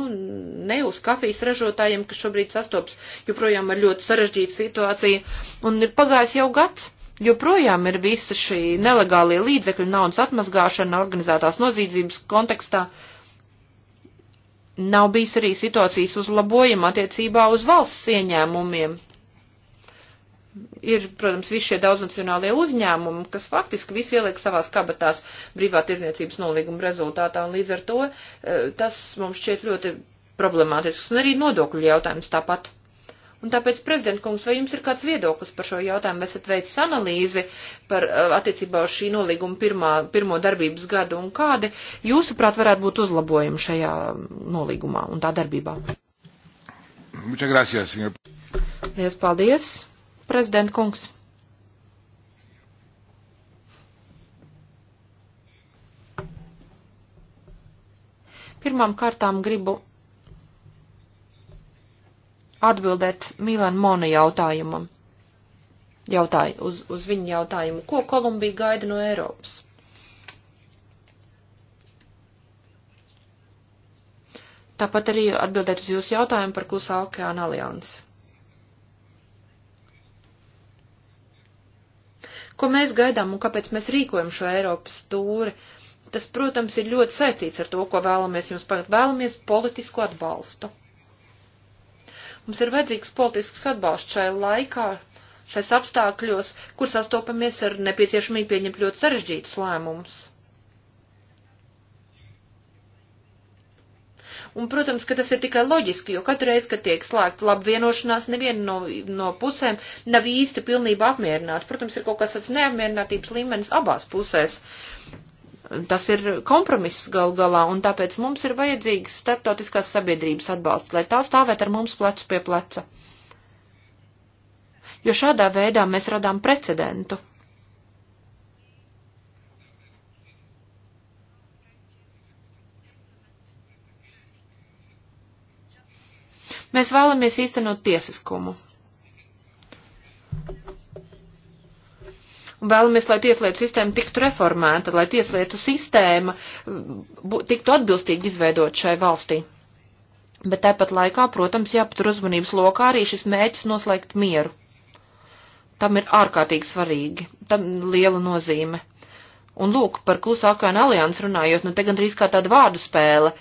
ne uz kafijas ražotājiem, kas šobrīd sastops joprojām ar ļoti sarežģītu situāciju, un ir pagājis jau gads. Joprojām ir visa šī nelegālie līdzekļu naudas atmazgāšana organizētās nozīdzības kontekstā. Nav bijis arī situācijas uzlabojuma attiecībā uz valsts ieņēmumiem ir, protams, visi šie daudznacionālie uzņēmumi, kas faktiski visi ieliek savās kabatās brīvā tirdzniecības nolīguma rezultātā, un līdz ar to eh, tas mums šķiet ļoti problemātisks, un arī nodokļu jautājums tāpat. Un tāpēc, prezident kungs, vai jums ir kāds viedoklis par šo jautājumu? Vai esat veicis analīzi par eh, attiecībā uz šī nolīguma pirmā, pirmo darbības gadu, un kādi, jūsuprāt, varētu būt uzlabojumi šajā nolīgumā un tā darbībā? Muchas gracias, señor. Lies, paldies prezidenta kungs. Pirmām kārtām gribu atbildēt Milan Mona jautājumam. Jautāju, uz, uz viņu jautājumu, ko Kolumbija gaida no Eiropas? Tāpat arī atbildēt uz jūsu jautājumu par Klusā okeāna aliansi. Ko mēs gaidām un kāpēc mēs rīkojam šo Eiropas tūri? Tas, protams, ir ļoti saistīts ar to, ko vēlamies jums panākt. Vēlamies politisku atbalstu. Mums ir vajadzīgs politisks atbalsts šai laikā, šais apstākļos, kur sastopamies ar nepieciešamību pieņemt ļoti sarežģītus lēmumus. Un, protams, ka tas ir tikai loģiski, jo katru reizi, kad tiek slēgta laba vienošanās, neviena no, no pusēm nav īsti pilnībā apmierināta. Protams, ir kaut kas tāds neapmierinātības līmenis abās pusēs tas ir kompromiss gal galā, un tāpēc mums ir vajadzīgs starptautiskās sabiedrības atbalsts, lai tā stāvēt ar mums plecu pie pleca. Jo šādā veidā mēs radām precedentu. Mēs vēlamies īstenot tiesiskumu. Un vēlamies, lai tieslietu sistēma tiktu reformēta, lai tieslietu sistēma mm, tiktu atbilstīgi izveidot šai valstī. Bet tāpat laikā, protams, jāpatur uzmanības lokā arī šis mēģis noslēgt mieru. Tam ir ārkārtīgi svarīgi, tam liela nozīme. Un lūk, par klusākā aliansu runājot, nu te gandrīz kā tāda vārdu spēle. Uh,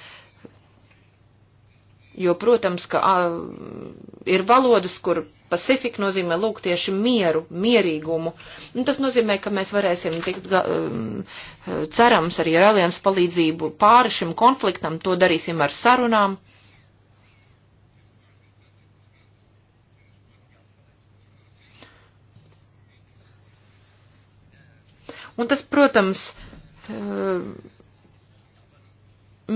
Jo, protams, ka a, ir valodas, kur Pasifika nozīmē lūk tieši mieru, mierīgumu. Un tas nozīmē, ka mēs varēsim tikt, um, cerams, arī ar aliansu palīdzību pāri šim konfliktam, to darīsim ar sarunām. Un tas, protams, um,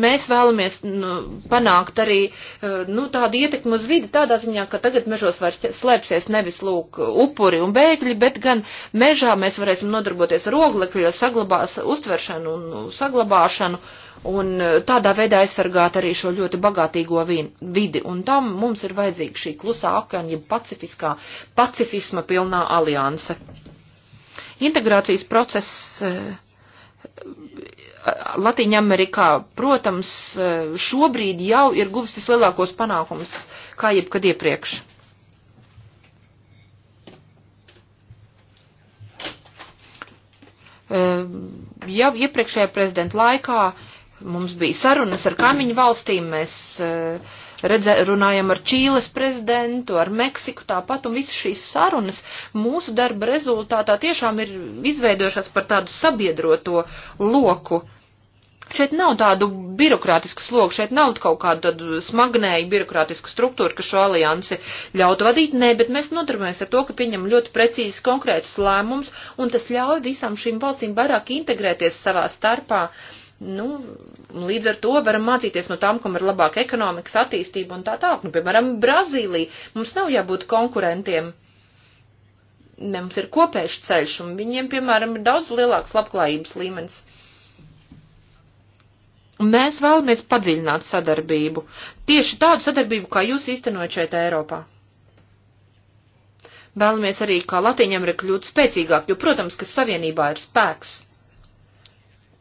mēs vēlamies nu, panākt arī eh, nu, tādu ietekmi uz vidi tādā ziņā, ka tagad mežos vairs slēpsies nevis lūk upuri un bēgļi, bet gan mežā mēs varēsim nodarboties ar oglekļa saglabās, uztveršanu un nu, saglabāšanu un eh, tādā veidā aizsargāt arī šo ļoti bagātīgo vidi. Un tam mums ir vajadzīga šī klusā akāņa, ja pacifiskā, pacifisma pilnā alianse. Integrācijas process eh, Latīņa Amerikā, protams, šobrīd jau ir guvis vislielākos panākumus, kā jebkad iepriekš. Ehm, jau iepriekšējā prezidenta laikā mums bija sarunas ar kaimiņu valstīm, mēs uh, redzē, runājam ar Čīles prezidentu, ar Meksiku tāpat, un visas šīs sarunas mūsu darba rezultātā tiešām ir izveidojušās par tādu sabiedroto loku. Šeit nav tādu birokrātisku slogu, šeit nav kaut kādu tādu smagnēju birokrātisku struktūru, kas šo aliansi ļautu vadīt. Nē, bet mēs nodarbojamies ar to, ka pieņem ļoti precīzi konkrētus lēmumus, un tas ļauj visām šīm valstīm vairāk integrēties savā starpā. Uh, Nu, līdz ar to varam mācīties no tām, kam ir labāka ekonomikas attīstība un tā tālāk. Nu, piemēram, Brazīlija. Mums nav jābūt konkurentiem. Mums ir kopējuši ceļš, un viņiem, piemēram, ir daudz lielāks labklājības līmenis. Mēs vēlamies padziļināt sadarbību. Tieši tādu sadarbību, kā jūs īstenojat šeit Eiropā. Vēlamies arī, kā Latīņam ir kļūt spēcīgāk, jo, protams, ka savienībā ir spēks.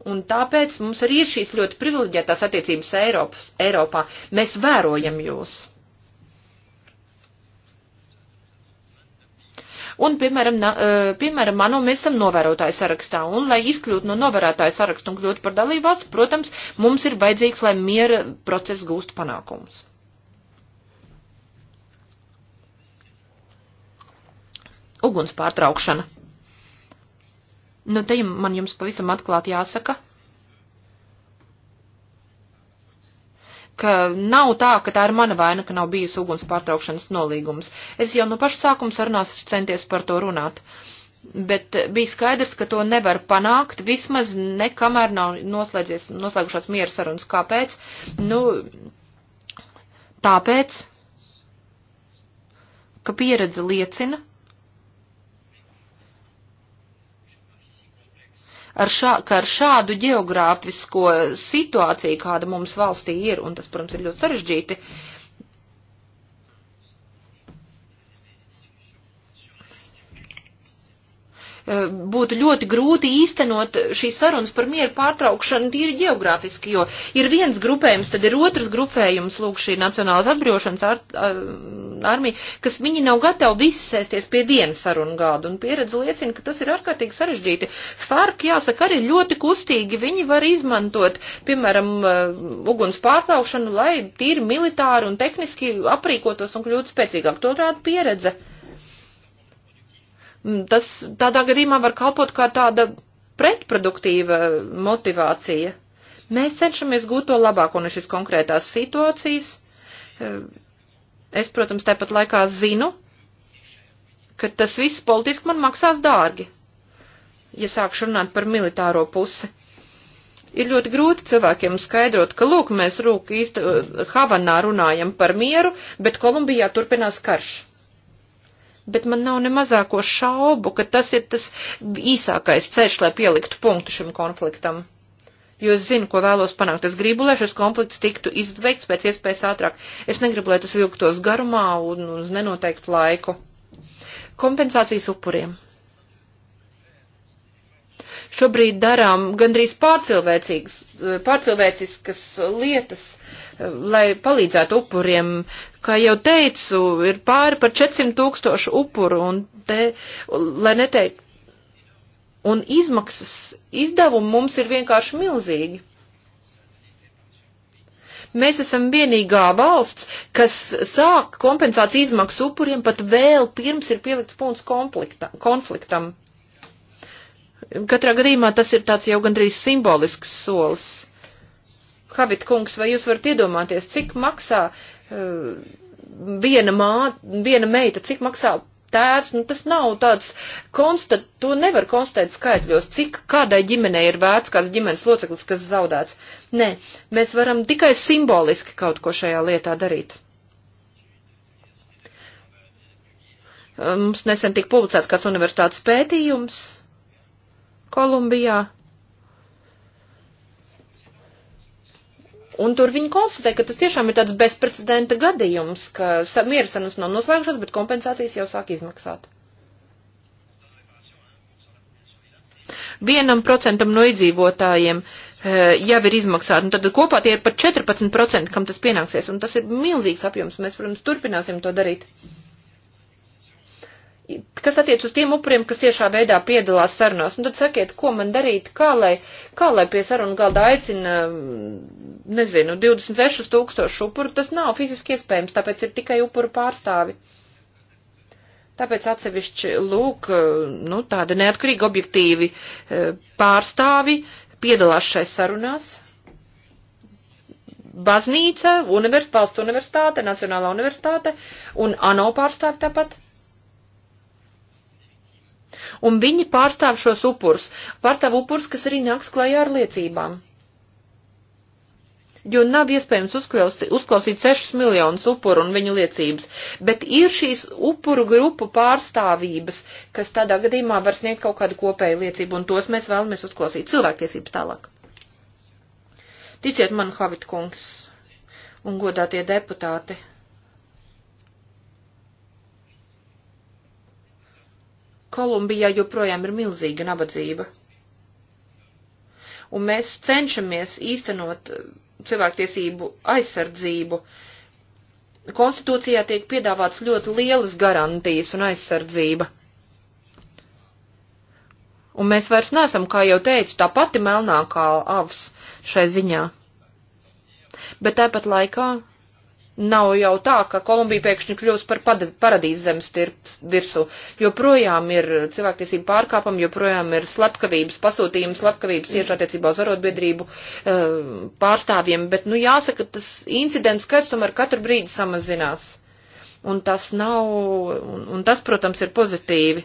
Un tāpēc mums arī ir šīs ļoti privileģētās attiecības Eiropas, Eiropā. Mēs vērojam jūs. Un, piemēram, na, eh, piemēram, manu mēs esam novērotāju sarakstā, un, lai izkļūtu no novērotāju saraksta un kļūtu par dalībvalstu, protams, mums ir vajadzīgs, lai miera process gūstu panākumus. Uguns pārtraukšana. Nu, te man jums pavisam atklāti jāsaka, ka nav tā, ka tā ir mana vaina, ka nav bijis uguns pārtraukšanas nolīgums. Es jau no paša sākuma sarunās centies par to runāt. Bet bija skaidrs, ka to nevar panākt, vismaz nekamēr nav noslēgušās miera sarunas. Kāpēc? Nu, tāpēc, ka pieredze liecina, ar šā, ka ar šādu geogrāfisko situāciju, kāda mums valstī ir, un tas, protams, ir ļoti sarežģīti, uh, Eh, būtu ļoti grūti īstenot šīs sarunas par mieru pārtraukšanu tīri geogrāfiski, jo ir viens grupējums, tad ir otrs grupējums, lūk, šī Nacionālās atbrīvošanas ar, ar, armija, kas viņi nav gatavi visi sēsties pie viena sarunu gādu, un pieredze liecina, ka tas ir ārkārtīgi sarežģīti. Fark, jāsaka, arī ļoti kustīgi, viņi var izmantot, piemēram, eh, uguns pārtraukšanu, lai tīri militāri un tehniski aprīkotos un kļūtu spēcīgāk. To rāda pieredze. Mm, tas tādā gadījumā var kalpot kā tāda pretproduktīva motivācija. Mēs cenšamies gūt to labāko no šīs konkrētās situācijas. Eh, es, protams, tāpat laikā zinu, ka tas viss politiski man maksās dārgi, ja sākšu runāt par militāro pusi. Ir ļoti grūti cilvēkiem skaidrot, ka, lūk, mēs rūk īsti eh, Havanā runājam par mieru, bet Kolumbijā turpinās karš bet man nav ne mazāko šaubu, ka tas ir tas īsākais ceļš, lai pieliktu punktu šim konfliktam. Jo es zinu, ko vēlos panākt. Es gribu, lai šis konflikts tiktu izbeigts pēc iespējas ātrāk. Es negribu, lai tas vilktos garumā un uz nenoteiktu laiku. Kompensācijas upuriem šobrīd darām gandrīz pārcilvēcīgas lietas, lai palīdzētu upuriem. Kā jau teicu, ir pāri par 400 tūkstošu upuru, un te, lai neteikt, un izmaksas izdevumi mums ir vienkārši milzīgi. Mēs esam vienīgā valsts, kas sāk kompensāciju izmaksu upuriem pat vēl pirms ir pielikts punkts konfliktam. Katrā gadījumā tas ir tāds jau gandrīz simbolisks solis Havit kungs, vai jūs varat iedomāties, cik maksā uh, viena, mā, viena meita, cik maksā tēvs, nu tas nav tāds konstat, to nevar konstatēt skaitļos, cik kādai ģimenei ir vērts kāds ģimenes loceklis, kas zaudēts. Nē, mēs varam tikai simboliski kaut ko šajā lietā darīt. Eh, mums nesen tika publicēts kāds universitātes pētījums Kolumbijā Un tur viņi konstatē, ka tas tiešām ir tāds bezprecedenta gadījums, ka miera sarunas nav noslēgšās, bet kompensācijas jau sāk izmaksāt. Vienam procentam no iedzīvotājiem eh, jau ir izmaksāti, un tad kopā tie ir pat 14%, kam tas pienāksies, un tas ir milzīgs apjoms. Mēs, protams, turpināsim to darīt kas attiec uz tiem upuriem, kas tiešā veidā piedalās sarunās. Un tad sakiet, ko man darīt, kā lai, kā lai pie sarunu galda aicina, nezinu, 26 tūkstošu upuru, tas nav fiziski iespējams, tāpēc ir tikai upuru pārstāvi. Tāpēc atsevišķi lūk, nu, tādi neatkarīgi objektīvi e, pārstāvi piedalās šai sarunās baznīca, univers, valsts universitāte, nacionālā universitāte un ANO pārstāvi tāpat un viņi pārstāv šos upurus, pārstāv upurus, kas arī nāks klajā ar liecībām. Jo nav iespējams uzklausīt, uzklausīt 6 miljonus upuru un viņu liecības, bet ir šīs upuru grupu pārstāvības, kas tādā gadījumā var sniegt kaut kādu kopēju liecību, un tos mēs vēlamies uzklausīt cilvēktiesības tālāk. Ticiet man, Havit kungs un godātie deputāti! Kolumbijā joprojām ir milzīga nabadzība. Un mēs cenšamies īstenot eh, cilvēktiesību aizsardzību. Konstitūcijā tiek piedāvāts ļoti lielas garantijas un aizsardzība. Un mēs vairs nesam, kā jau teicu, tā pati melnākā avs šai ziņā. Bet tāpat laikā Nav jau tā, ka Kolumbija pēkšņi kļūs par paradīzes zemes virsmu, jo projām ir cilvēktiesība pārkāpama, jo projām ir slepkavības pasūtījums, slepkavības tieši attiecībā uz arotbiedrību eh, pārstāvjiem, bet, nu, jāsaka, tas incidents skaits tomēr katru brīdi samazinās. Un tas nav, un, un tas, protams, ir pozitīvi.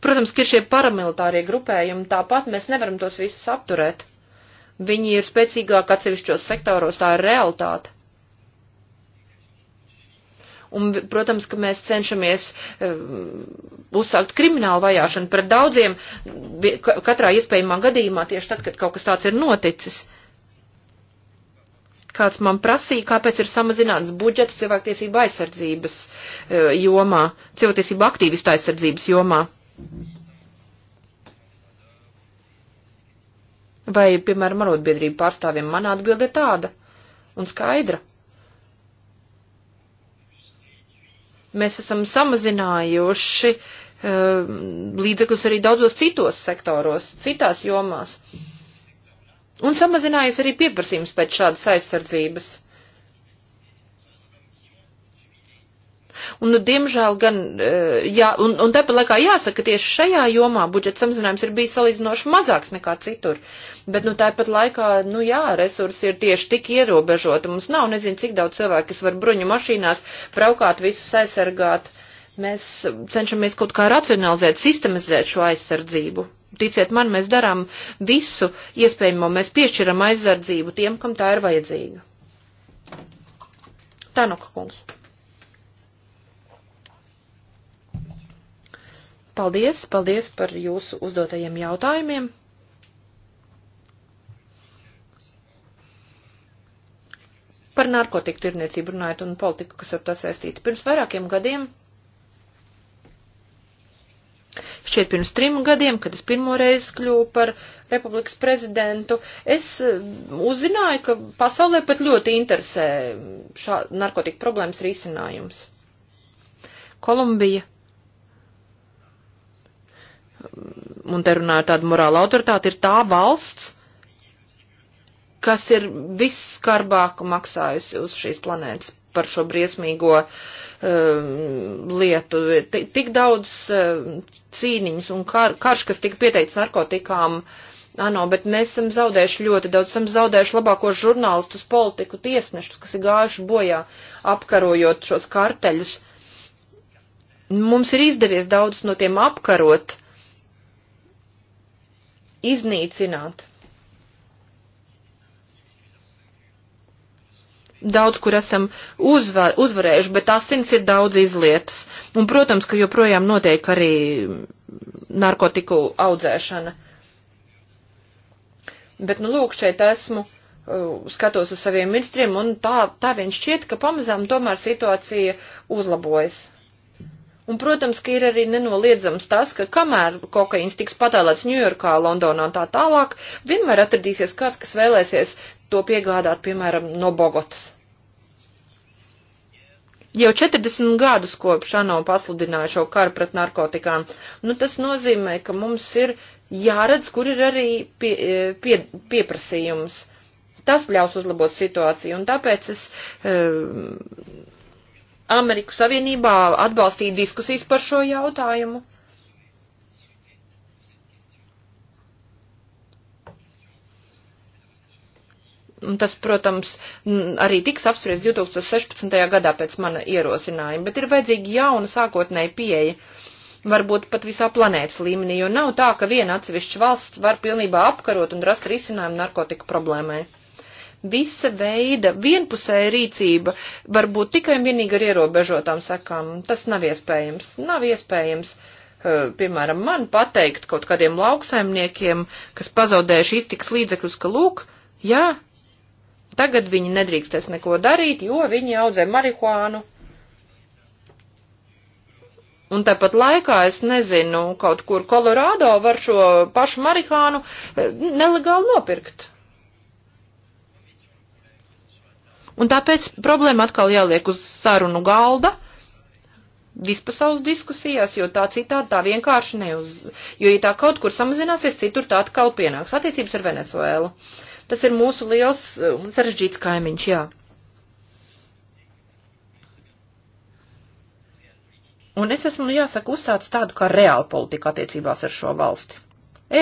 Protams, ka ir šie paramilitārie grupējumi, tāpat mēs nevaram tos visus apturēt. Viņi ir spēcīgāk atsevišķos sektoros, tā ir realitāte. Un, protams, ka mēs cenšamies um, uzsākt kriminālu vajāšanu pret daudziem, katrā iespējamā gadījumā, tieši tad, kad kaut kas tāds ir noticis. Kāds man prasīja, kāpēc ir samazināts budžets cilvēktiesība aizsardzības uh, jomā, cilvēktiesība aktīvistu aizsardzības jomā. Mm -hmm. Vai, piemēram, arotbiedrību pārstāvjiem mana atbilde ir tāda un skaidra. Mēs esam samazinājuši uh, līdzekļus arī daudzos citos sektoros, citās jomās. Un samazinājies arī pieprasījums pēc šādas aizsardzības. Un, nu, diemžēl gan, eh, jā, un, un tāpat laikā jāsaka, tieši šajā jomā budžeta samazinājums ir bijis salīdzinoši mazāks nekā citur. Bet, nu, tāpat laikā, nu jā, resursi ir tieši tik ierobežoti. Mums nav, nezinu, cik daudz cilvēku, kas var bruņu mašīnās braukāt visus aizsargāt mēs cenšamies kaut kā racionalizēt, sistemizēt šo aizsardzību. Ticiet man, mēs darām visu iespējamo, mēs piešķiram aizsardzību tiem, kam tā ir vajadzīga. Tā nu, ka kungs. Paldies, paldies par jūsu uzdotajiem jautājumiem. Par narkotiku tirniecību runājot un politiku, kas ar to saistīta. Pirms vairākiem gadiem, šķiet pirms trim gadiem, kad es pirmo reizi kļuvu par republikas prezidentu, es eh, uzzināju, ka pasaulē pat ļoti interesē šā narkotika problēmas risinājums. Kolumbija Um, un te runāju tādu morālu autoritāti, ir tā valsts, kas ir visskarbāk maksājusi uz šīs planētas par šo briesmīgo um, lietu. T tik daudz um, cīniņas un kar karš, kas tika pieteikts narkotikām, ano, bet mēs esam zaudējuši ļoti daudz, esam zaudējuši labākos žurnālistus, politiku, tiesnešus, kas ir gājuši bojā apkarojot šos karteļus. Mums ir izdevies daudz no tiem apkarot, iznīcināt. Daudz, kur esam uzvar, uzvarējuši, bet asins ir daudz izlietas. Un, protams, ka joprojām notiek arī narkotiku audzēšana. Bet, nu, lūk, šeit esmu uh, skatos uz saviem ministriem, un tā, tā viņš šķiet, ka pamazām tomēr situācija uzlabojas. Un, protams, ka ir arī nenoliedzams tas, ka kamēr kokaīns tiks patēlēts Ņujorkā, Londonā un tā tālāk, vienmēr atradīsies kāds, kas vēlēsies to piegādāt, piemēram, no Bogotas. Jau 40 gadus kopš ANO pasludināja šo karu pret narkotikām, nu tas nozīmē, ka mums ir jāredz, kur ir arī pie, e, pie, pieprasījums. Tas ļaus uzlabot situāciju, un tāpēc es. Um, e, Ameriku Savienībā atbalstīt diskusijas par šo jautājumu. Un tas, protams, arī tiks apspriests 2016. gadā pēc mana ierosinājuma, bet ir vajadzīga jauna sākotnēja pieeja, varbūt pat visā planētas līmenī, jo nav tā, ka viena atsevišķa valsts var pilnībā apkarot un rast risinājumu narkotiku problēmai. Visa veida vienpusēja rīcība var būt tikai un vienīgi ar ierobežotām sekām. Tas nav iespējams. Nav iespējams. Eh, piemēram, man pateikt kaut kādiem lauksaimniekiem, kas pazaudējuši iztiks līdzekļus, ka lūk, jā, tagad viņi nedrīkstēs neko darīt, jo viņi audzē marihuānu. Un tāpat laikā es nezinu, kaut kur Kolorādo var šo pašu marihānu eh, nelegāli nopirkt. Un tāpēc problēma atkal jāliek uz sarunu galda vispasaules diskusijās, jo tā citādi tā vienkārši neuz, jo ja tā kaut kur samazināsies, citur tā atkal pienāks. Attiecības ar Venecuēlu. Tas ir mūsu liels un uh, sarežģīts kaimiņš, jā. Un es esmu, jāsaka, uzsācis tādu kā reālu politiku attiecībās ar šo valsti.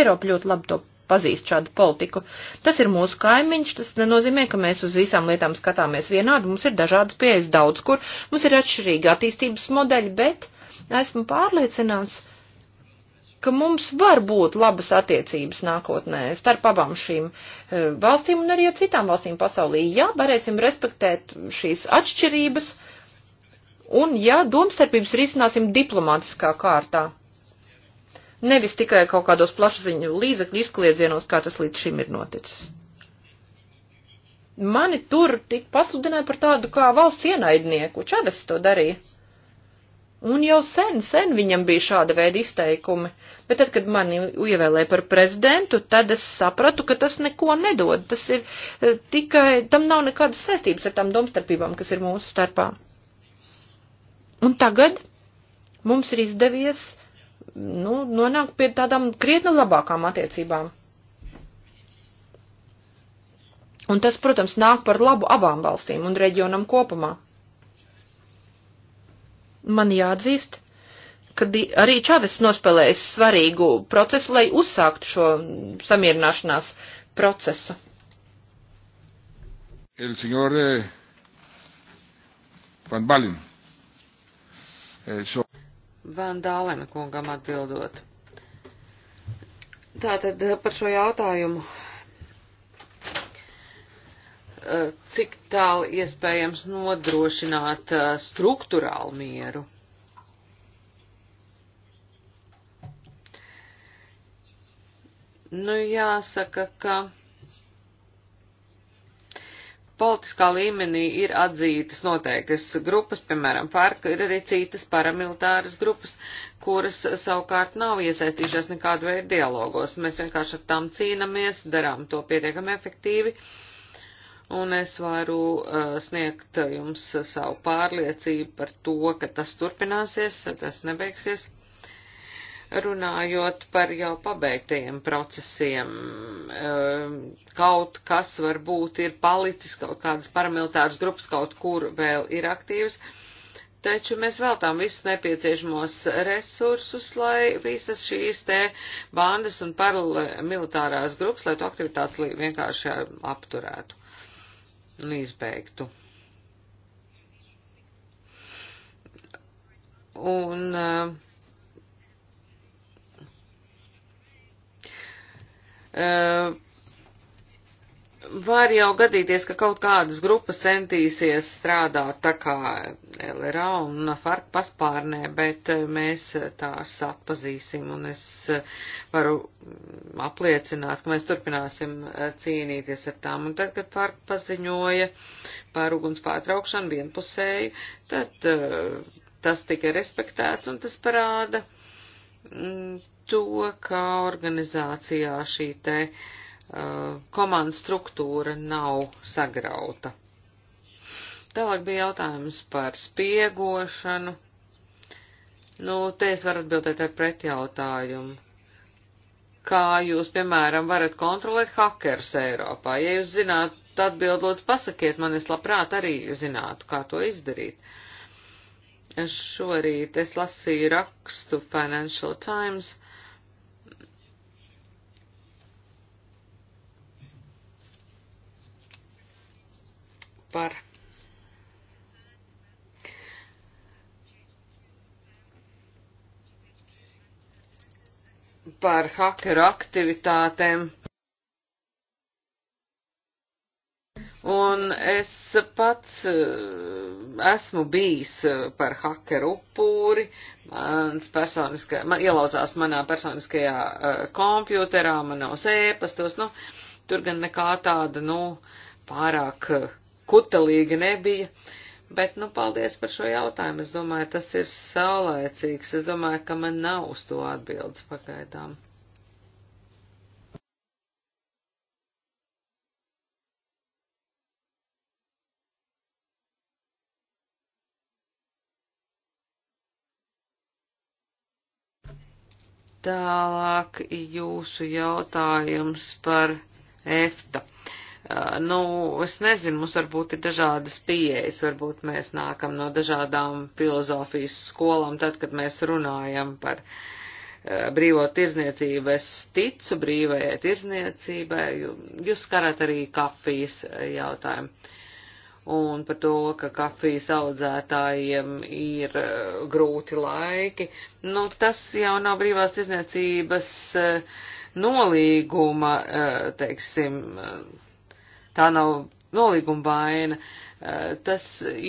Eiropa ļoti labi to pazīst šādu politiku. Tas ir mūsu kaimiņš, tas nenozīmē, ka mēs uz visām lietām skatāmies vienādi, mums ir dažādas pieejas daudz kur, mums ir atšķirīgi attīstības modeļi, bet esmu pārliecināts, ka mums var būt labas attiecības nākotnē starp abām šīm eh, valstīm un arī ar citām valstīm pasaulī, ja varēsim respektēt šīs atšķirības un ja domstarpības risināsim diplomātiskā kārtā nevis tikai kaut kādos plašsaziņu līdzekļu izkliedzienos, kā tas līdz šim ir noticis. Mani tur tik pasludināja par tādu kā valsts ienaidnieku, Čaves to darīja. Un jau sen, sen viņam bija šāda veida izteikumi, bet tad, kad mani ievēlēja par prezidentu, tad es sapratu, ka tas neko nedod, tas ir eh, tikai, tam nav nekādas saistības ar tām domstarpībām, kas ir mūsu starpā. Un tagad mums ir izdevies uh, nu, nonāk pie tādām krietni labākām attiecībām. Un tas, protams, nāk par labu abām valstīm un reģionam kopumā. Man jāatzīst, ka arī Čavis nospēlējis svarīgu procesu, lai uzsāktu šo samierināšanās procesu. El señor eh, Van Balen. Eh, so... Van Dālena kungam atbildot. Tātad eh, par šo jautājumu. Eh, cik tālu iespējams nodrošināt eh, struktūrālu mieru? Nu, jāsaka, ka politiskā līmenī ir atzītas noteiktas grupas, piemēram, FARC, ir arī citas paramilitāras grupas, kuras savukārt nav iesaistījušās nekādu veidu dialogos. Mēs vienkārši ar tām cīnamies, darām to pietiekami efektīvi, un es varu uh, sniegt jums savu pārliecību par to, ka tas turpināsies, tas nebeigsies runājot par jau pabeigtajiem procesiem, ehm, kaut kas varbūt ir palicis, kaut kādas paramilitāras grupas kaut kur vēl ir aktīvas, taču mēs veltām visus nepieciešamos resursus, lai visas šīs te bandas un paramilitārās grupas, lai to aktivitātes vienkārši apturētu un izbeigtu. Un uh, Eh, var jau gadīties, ka kaut kādas grupas centīsies strādāt tā kā LRA un FARC paspārnē, bet eh, mēs tās atpazīsim un es eh, varu apliecināt, ka mēs turpināsim cīnīties ar tām. Un tad, kad FARC paziņoja par uguns pārtraukšanu vienpusēju, tad tas tika respektēts un tas parāda mm, to, kā organizācijā šī te uh, komandas struktūra nav sagrauta. Tālāk bija jautājums par spiegošanu. Nu, te es varu atbildēt ar pretjautājumu. Kā jūs, piemēram, varat kontrolēt hakerus Eiropā? Ja jūs zināt, atbild lūdzu pasakiet man, es labprāt arī zinātu, kā to izdarīt. Es šorīt es lasīju rakstu Financial Times, uh, par par hakeru aktivitātēm. Un es pats eh, esmu bijis eh, par hakeru upuri, mans personiskā, man ielaucās manā personiskajā uh, kompjuterā, manos ēpastos, nu, tur gan nekā tāda, nu, pārāk uh, kutelīga nebija. Bet, nu, paldies par šo jautājumu. Es domāju, tas ir saulēcīgs. Es domāju, ka man nav uz to atbildes pagaidām. Tālāk jūsu jautājums par EFTA. Uh, Uh, nu, es nezinu, mums varbūt ir dažādas pieejas, varbūt mēs nākam no dažādām filozofijas skolām, tad, kad mēs runājam par uh, brīvo tirzniecību, es ticu brīvajai tirzniecībai, jūs skarat arī kafijas uh, jautājumu. Un par to, ka kafijas audzētājiem ir uh, grūti laiki, nu, tas jau nav brīvās tirzniecības uh, nolīguma, uh, teiksim, tā nav nolīguma vaina, eh, tas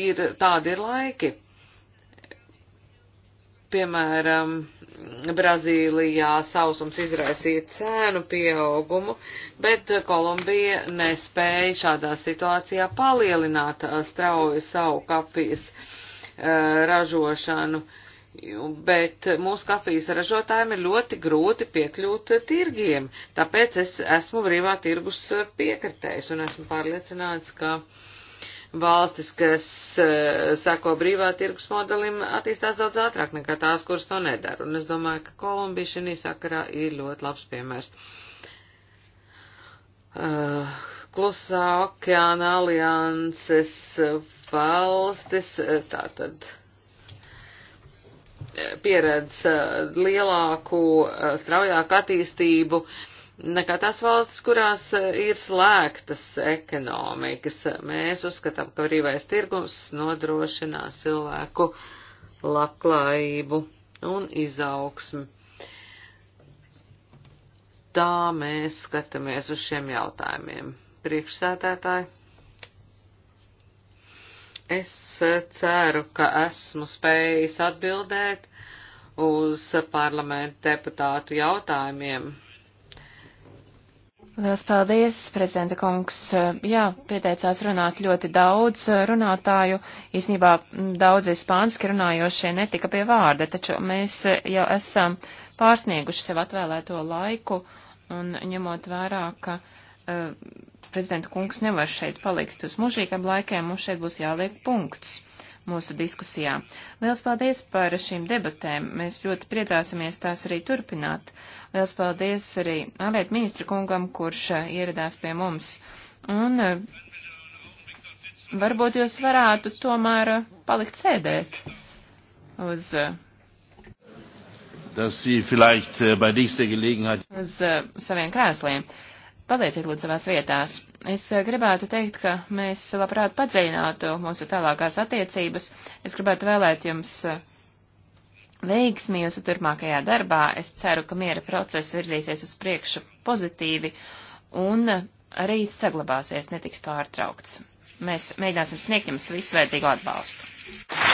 ir, tādi ir laiki. Piemēram, Brazīlijā sausums izraisīja cēnu pieaugumu, bet Kolumbija nespēja šādā situācijā palielināt eh, strauju savu kapijas eh, ražošanu. Uh, bet mūsu kafijas ražotājiem ir ļoti grūti piekļūt tirgiem, tāpēc es esmu brīvā tirgus piekritējs un esmu pārliecināts, ka valstis, kas eh, sako brīvā tirgus modelim, attīstās daudz ātrāk nekā tās, kuras to nedara, un es domāju, ka Kolumbija šī sakarā ir ļoti labs piemērs. Eh, klusā okeāna alianses valstis, eh, tātad pieredz eh, lielāku, eh, straujāku attīstību nekā tās valstis, kurās eh, ir slēgtas ekonomikas. Mēs uzskatām, ka brīvais tirgus nodrošinās cilvēku labklājību un izaugsmi. Tā mēs skatāmies uz šiem jautājumiem. Priekšsētētāji. Es eh, ceru, ka esmu spējis atbildēt uz eh, parlamentu deputātu jautājumiem. Lielas paldies, prezidenta kungs. Eh, jā, pieteicās runāt ļoti daudz runātāju. Īsnībā mm, daudzi spāniski runājošie netika pie vārda, taču mēs jau esam pārsnieguši sev atvēlēto laiku un ņemot vērā, ka uh, prezidenta kungs nevar šeit palikt uz mužīgam laikiem, mums šeit būs jāliek punkts mūsu diskusijā. Liels paldies par šīm debatēm, mēs ļoti priecāsimies tās arī turpināt. Liels paldies arī ārlietu ministra kungam, kurš eh, ieradās pie mums. Un eh, varbūt jūs varētu tomēr eh, palikt sēdēt uz dass Sie vielleicht äh, bei nächster Gelegenheit. Uz saviem krēsliem. Palieciet lūdzu savās vietās. Es eh, gribētu teikt, ka mēs labprāt padziļinātu mūsu tālākās attiecības. Es gribētu vēlēt jums eh, veiksmi jūsu turpmākajā darbā. Es ceru, ka miera process virzīsies uz priekšu pozitīvi un arī saglabāsies, netiks pārtraukts. Mēs mēģināsim sniegt jums visu vajadzīgo atbalstu.